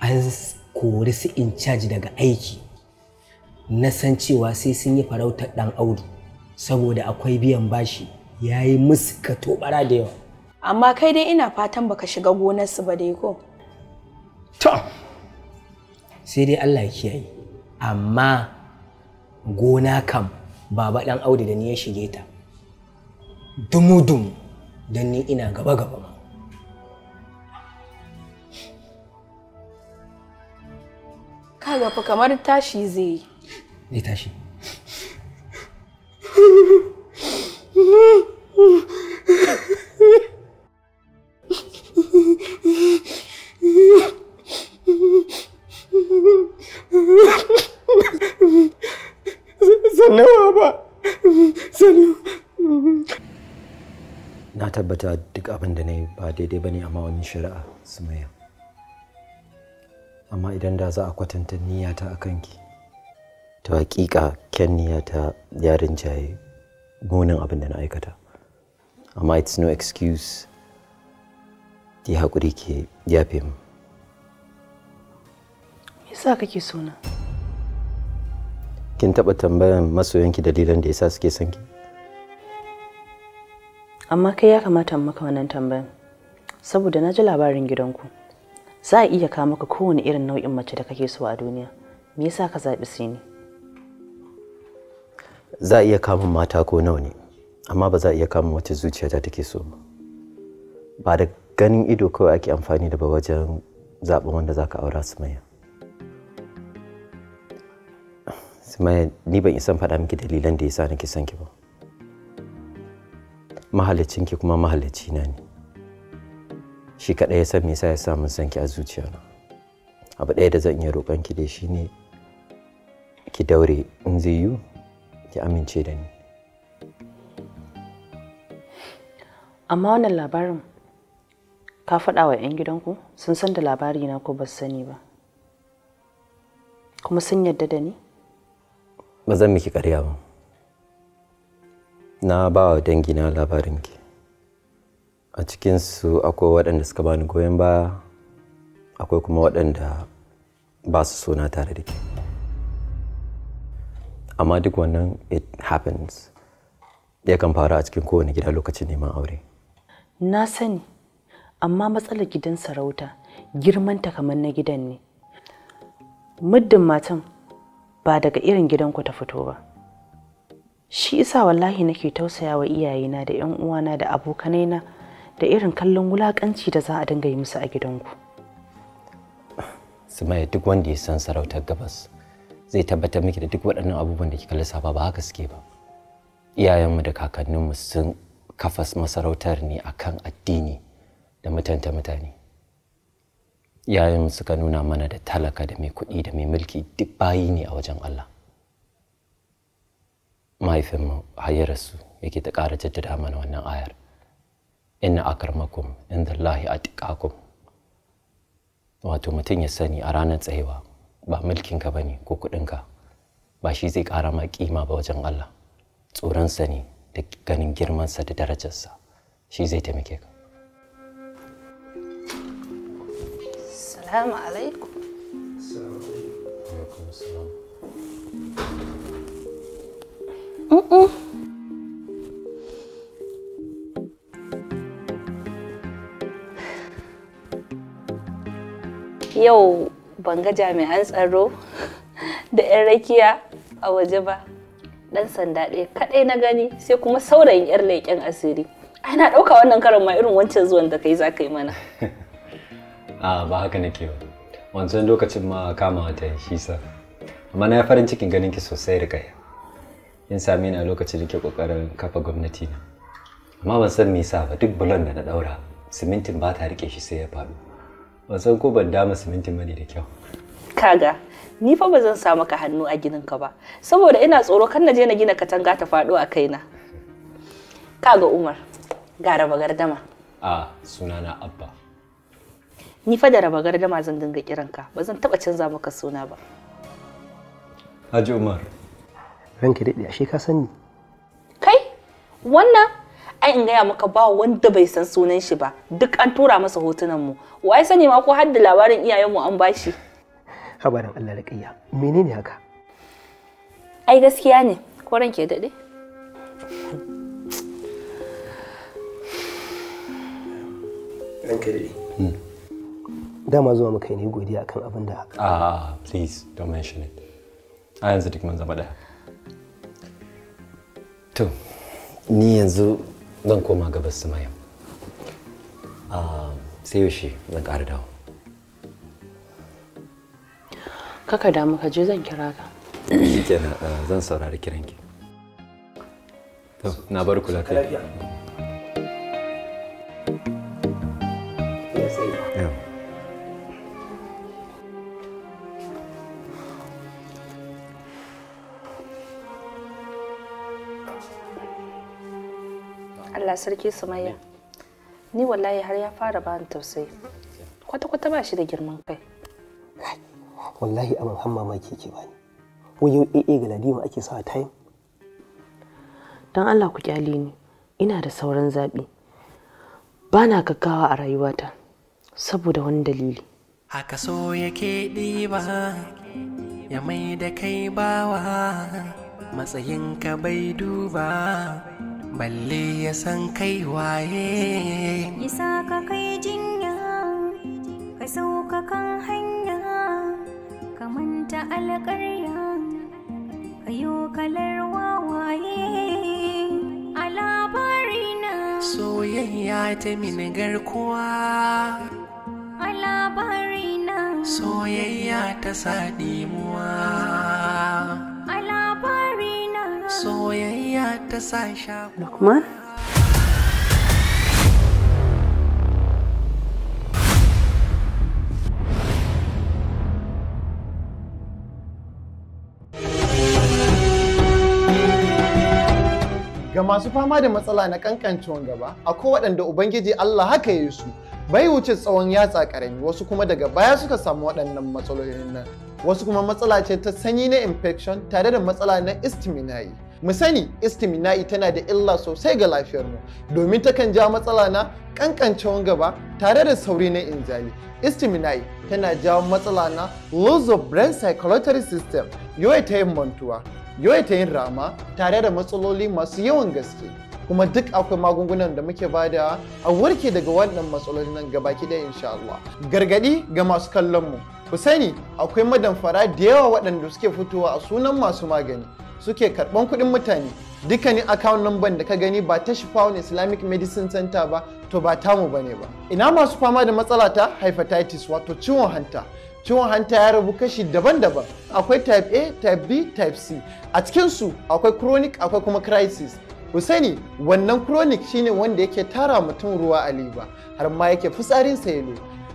an kori su in caji daga aiki na san cewa sai sun yi farautar ɗan audu saboda akwai biyan bashi ya yi musu ka da yawa amma kai dai ina fatan baka shiga gonarsu ba dai ko to sai dai allah ya kiyaye amma gona kam baba ɗan audu da ni ya shige ta dumu-dumu don ni ina gaba-gaba ma Kaga fa kamar tashi zai yi. tashi. ba, Na tabbata duk abin da na yi ba daidai ba ne a ma'aunin shari'a, Sumayya. amma idan da za a kwatanta niyyata a kanki ta hakika kyan niyyata ya rinjaye munin abin da na aikata amma it's no excuse ki haƙuri ke yafe mu sa kake sona kin taɓa tambayan masoyanki dalilan da yasa suke son ki amma kai ya kamata maka wannan tambayan saboda na ji labarin gidanku za a iya kawo maka kowane irin nau'in mace da kake so a duniya me yasa ka zaɓi sini za a iya kawo mata ko nawa ne amma ba za a iya kamun wacce zuciyata take so ba ba da ganin ido kawai ake amfani da ba wajen zaɓin wanda za ka aura sumayya sumayya ni ban isan faɗa miki dalilan da sa nake son ki ba ki, kuma na ne shi kaɗai ya san me ya sa mun san ki a zuciya na abu ɗaya da zan iya roƙon ki da shi ne ki daure in zai yiwu ki amince da ni amma wannan labarin ka faɗa wa 'yan gidanku sun san da labari na ko ba su sani ba kuma sun yarda da ni ba zan miki ƙarya ba na ba wa dangina ki. a cikinsu akwai waɗanda suka bani goyon baya akwai kuma waɗanda ba su sona tare da ke amma duk wannan it happens kan faru a cikin kowane gida lokacin neman aure na sani amma matsalar gidan sarauta girmanta kamar na gidan ne muddin matan ba daga irin gidanku ta fito ba shi isa wallahi nake tausaya wa iyayena da 'yan uwana da abokanaina da irin kallon wulakanci da za a dinga yi musu a gidanku. Sumaya duk wanda ya san sarautar gabas zai tabbatar miki da duk waɗannan abubuwan da kika lissafa ba haka suke ba. Iyayenmu da kakanninmu sun kafa masarautar ne akan addini da mutanta mutane. Iyayenmu suka nuna mana da talaka da mai kuɗi da mai mulki duk bayi ne a wajen Allah. Mahaifinmu hayyarsu yake ta ƙara jaddada mana wannan ayar. in inna akarmakum indallahi atiqakum wato mutum ya sani a ranar tsayewa ba mulkinka ba ne ko ka ba shi zai kara ma kima ba wajen Allah tsoronsa ne da ganin girmansa da darajarsa shi zai taimake ka Assalamu alaikum Assalamu alaikum. yau ban ga jami'an tsaro da 'yan rakiya a waje ba dan sanda ɗaya kaɗai na gani sai kuma saurayin 'yar leƙen asiri Ana ɗauka wannan karin ma irin wancan zuwan da kai za ka yi mana a ah, ba haka nake ba wancan lokacin ma kama ta shi sa amma na farin cikin ganin ki sosai da kai in same ni a lokacin da ke kokarin kafa gwamnati na amma ban san me yasa ba duk bulon da na daura simintin ba ta rike shi sai ya faɗo ban san ko ban dama simintin mani da kyau kaga ni fa ba zan sa maka hannu a ginin ka ba saboda ina tsoro kan na je na gina katanga ta faɗo a kaina kaga umar ga raba gardama a sunana abba ni fa da raba gardama zan dinga kiranka ba zan taba canza maka suna ba haji umar Ranki daɗe ashe ka sani kai wannan ai in gaya maka ba wanda bai san sunan shi ba duk an tura masa hotunan mu wai sani ma ko hadda labarin iyayen mu an bashi habarin Allah da kiyya menene haka ai gaskiya ne ko ranke dade ranke dade hmm. dama zuwa muka ne godiya akan abin da ah please don't mention it a yanzu duk mun zama daya to ni yanzu zan koma gabas su mayan ah, sai yaushe zan ƙara dawo kaka damu ka je zan kira ka kenan ah, zan saurari kiranki to na bar ku lafiya Yeah. Allah sarki Sumayya. Ni wallahi har ya fara bani tausayi. Kwata-kwata ba shi da girman kai. Wallahi abin han mamaki ke bani. Ko yau ga Galadima ake sa time? Don Allah ku kyale ni. Ina da sauran zaɓi. Ba na gaggawa a rayuwata saboda wani dalili. Haka so yake diba ya mai da kai bawa matsayinka bai duba balle ya san kai waye isa ka kai jinya ka sauka kan hanya ka manta alƙarya ka yi kalar wawaye a labarina soyayya ta mini garkuwa a labarina soyayya ta sa soyayya ta sa Ga masu fama da matsala na kankancewan gaba, akwai waɗanda Ubangiji Allah haka ya yi su, bai wuce tsawon yatsa ƙarami wasu kuma daga baya suka samu waɗannan matsalolin nan. Wasu kuma matsala ce ta sanyi na infection tare da matsala na istiminayi. mu sani istimina'i tana da illa sosai ga lafiyarmu domin takan ja matsala na kankancewan gaba tare da sauri na injali istimina'i tana jawo matsala na loss of brain circulatory system ta yin mantuwa ta yin rama tare da matsaloli masu yawan gaske kuma duk akwai magungunan da muke da a warke daga wannan matsalolin nan gabaki ɗaya insha Allah gargadi ga masu kallon mu ku sani akwai madamfara da yawa waɗanda suke fitowa a sunan masu magani suke karɓan kuɗin mutane dukkanin account number da ka gani ba ta Shifawun Islamic Medicine Center ba to ba tamu bane ba ina masu fama da matsala ta hepatitis wato ciwon hanta ciwon hanta ya rabu kashi daban-daban akwai type A type B type C a cikin su akwai chronic akwai kuma crisis ku wannan chronic shine wanda yake tara mutum ruwa a liba har ma yake fitsarin sa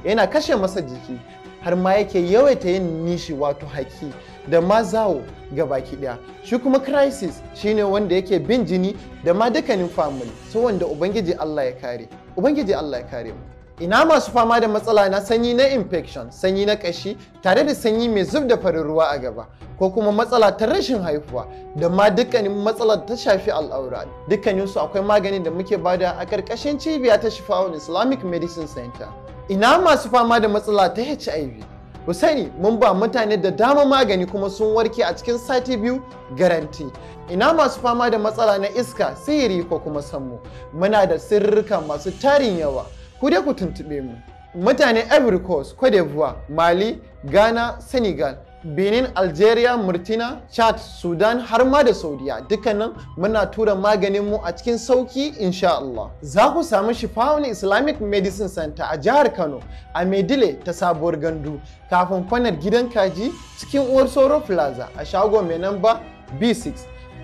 yana kashe masa jiki har ma yake yawaita yin nishi wato haki da ma zawo ga baki daya shi kuma crisis shine wanda yake bin jini da ma dukkanin family so wanda ubangiji Allah ya kare ubangiji Allah ya kare mu ina masu fama da matsala na sanyi na infection sanyi na kashi tare da sanyi mai zub da farin ruwa a gaba ko kuma matsala ta rashin haihuwa da ma dukkanin matsalar ta shafi al'aura dukkaninsu akwai maganin da muke bada a ƙarƙashin cibiya ta shifa'un islamic medicine center ina masu fama da matsala ta HIV ku sani mun ba mutane da dama magani kuma sun warke a cikin sati biyu garanti ina masu fama da matsala na iska sihiri ko kuma sammu muna da sirrika masu tarin yawa ku dai ku tuntube mu mutane Ivory Coast, Cote d'Ivoire, Mali, Ghana, Senegal benin algeria murtina chad sudan har ma da saudiya dukkanin muna tura maganin mu a cikin sauki insha Allah za ku samu shifawun islamic medicine center a jihar kano a medile ta sabuwar gandu kafin kwanar gidan kaji cikin uwar soro plaza a shago mai namba b6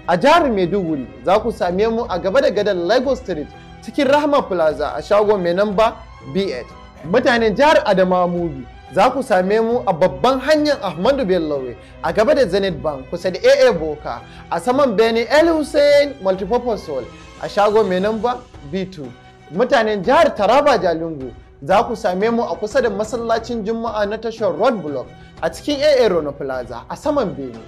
a jihar maiduguri za ku same mu a gaba da gadan lagos street cikin Rahma plaza a shago mai namba b8 mutanen jihar adamawa mubi za ku same mu a babban hanyar Ahmadu Bello a gaba da Zenith Bank kusa da AA Boka a saman Bene El Hussein Multipurpose a shago mai namba B2. Mutanen jihar Taraba Jalingo za ku same mu a kusa da masallacin Juma'a na tashar Road Block a cikin AA Rono Plaza a saman Bene.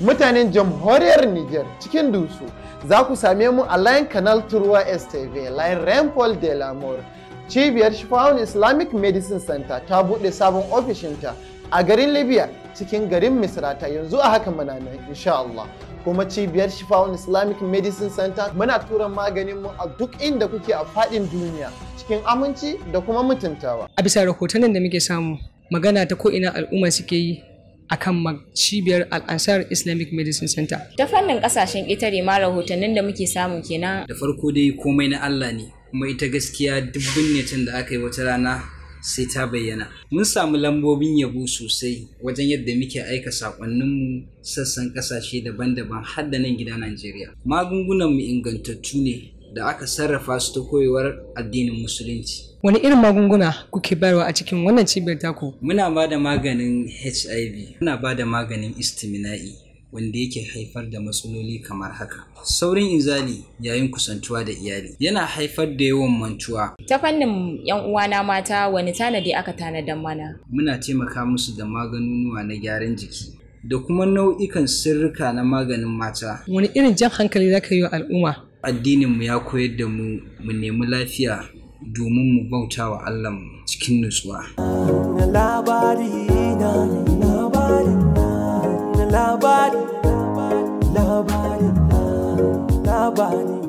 Mutanen jamhuriyar Niger cikin Dusu za ku same mu a Lion Canal Turwa STV, Lion Rainfall de la More. cibiyar Shifa'ul Islamic Medicine Center ta buɗe sabon ofishinta a garin Libya cikin garin Misrata yanzu a haka muna nan insha Allah. Kuma cibiyar Shifa'ul Islamic Medicine Center muna tura maganin mu a duk inda kuke a faɗin duniya cikin aminci da kuma mutuntawa. A bisa rahoton da muke samu magana ta ko'ina al'umma suke yi akan cibiyar al'ansar islamic medicine center ta fannin kasashen ƙetare ma rahotannin da muke samu kenan da farko dai komai na allah ne kuma ita gaskiya duk tun da aka yi wata rana sai ta bayyana mun samu lambobin yabo sosai wajen yadda muke aika sakonninmu sassan ƙasashe daban-daban har da nan gida najeriya mu ingantattu ne da aka sarrafa su ta koyewar addinin musulunci. Wani irin magunguna kuke bayarwa a cikin wannan cibiyar taku? Muna ba da maganin HIV, muna ba da maganin istimina'i, wanda yake haifar da matsaloli kamar haka. Saurin inzali yayin kusantuwa da iyali yana haifar da yawan mantuwa. Ta fannin yan uwana mata wani tanadi aka tanada mana. Muna taimaka musu da maganunuwa na gyaran jiki da kuma nau'ikan sirrika na maganin mata. Wani irin jan hankali za ka yi wa al'umma? Addininmu ya koyar da mu mu nemi lafiya domin mu bauta wa Allah cikin nutsuwa. Labari na labari labari labari labari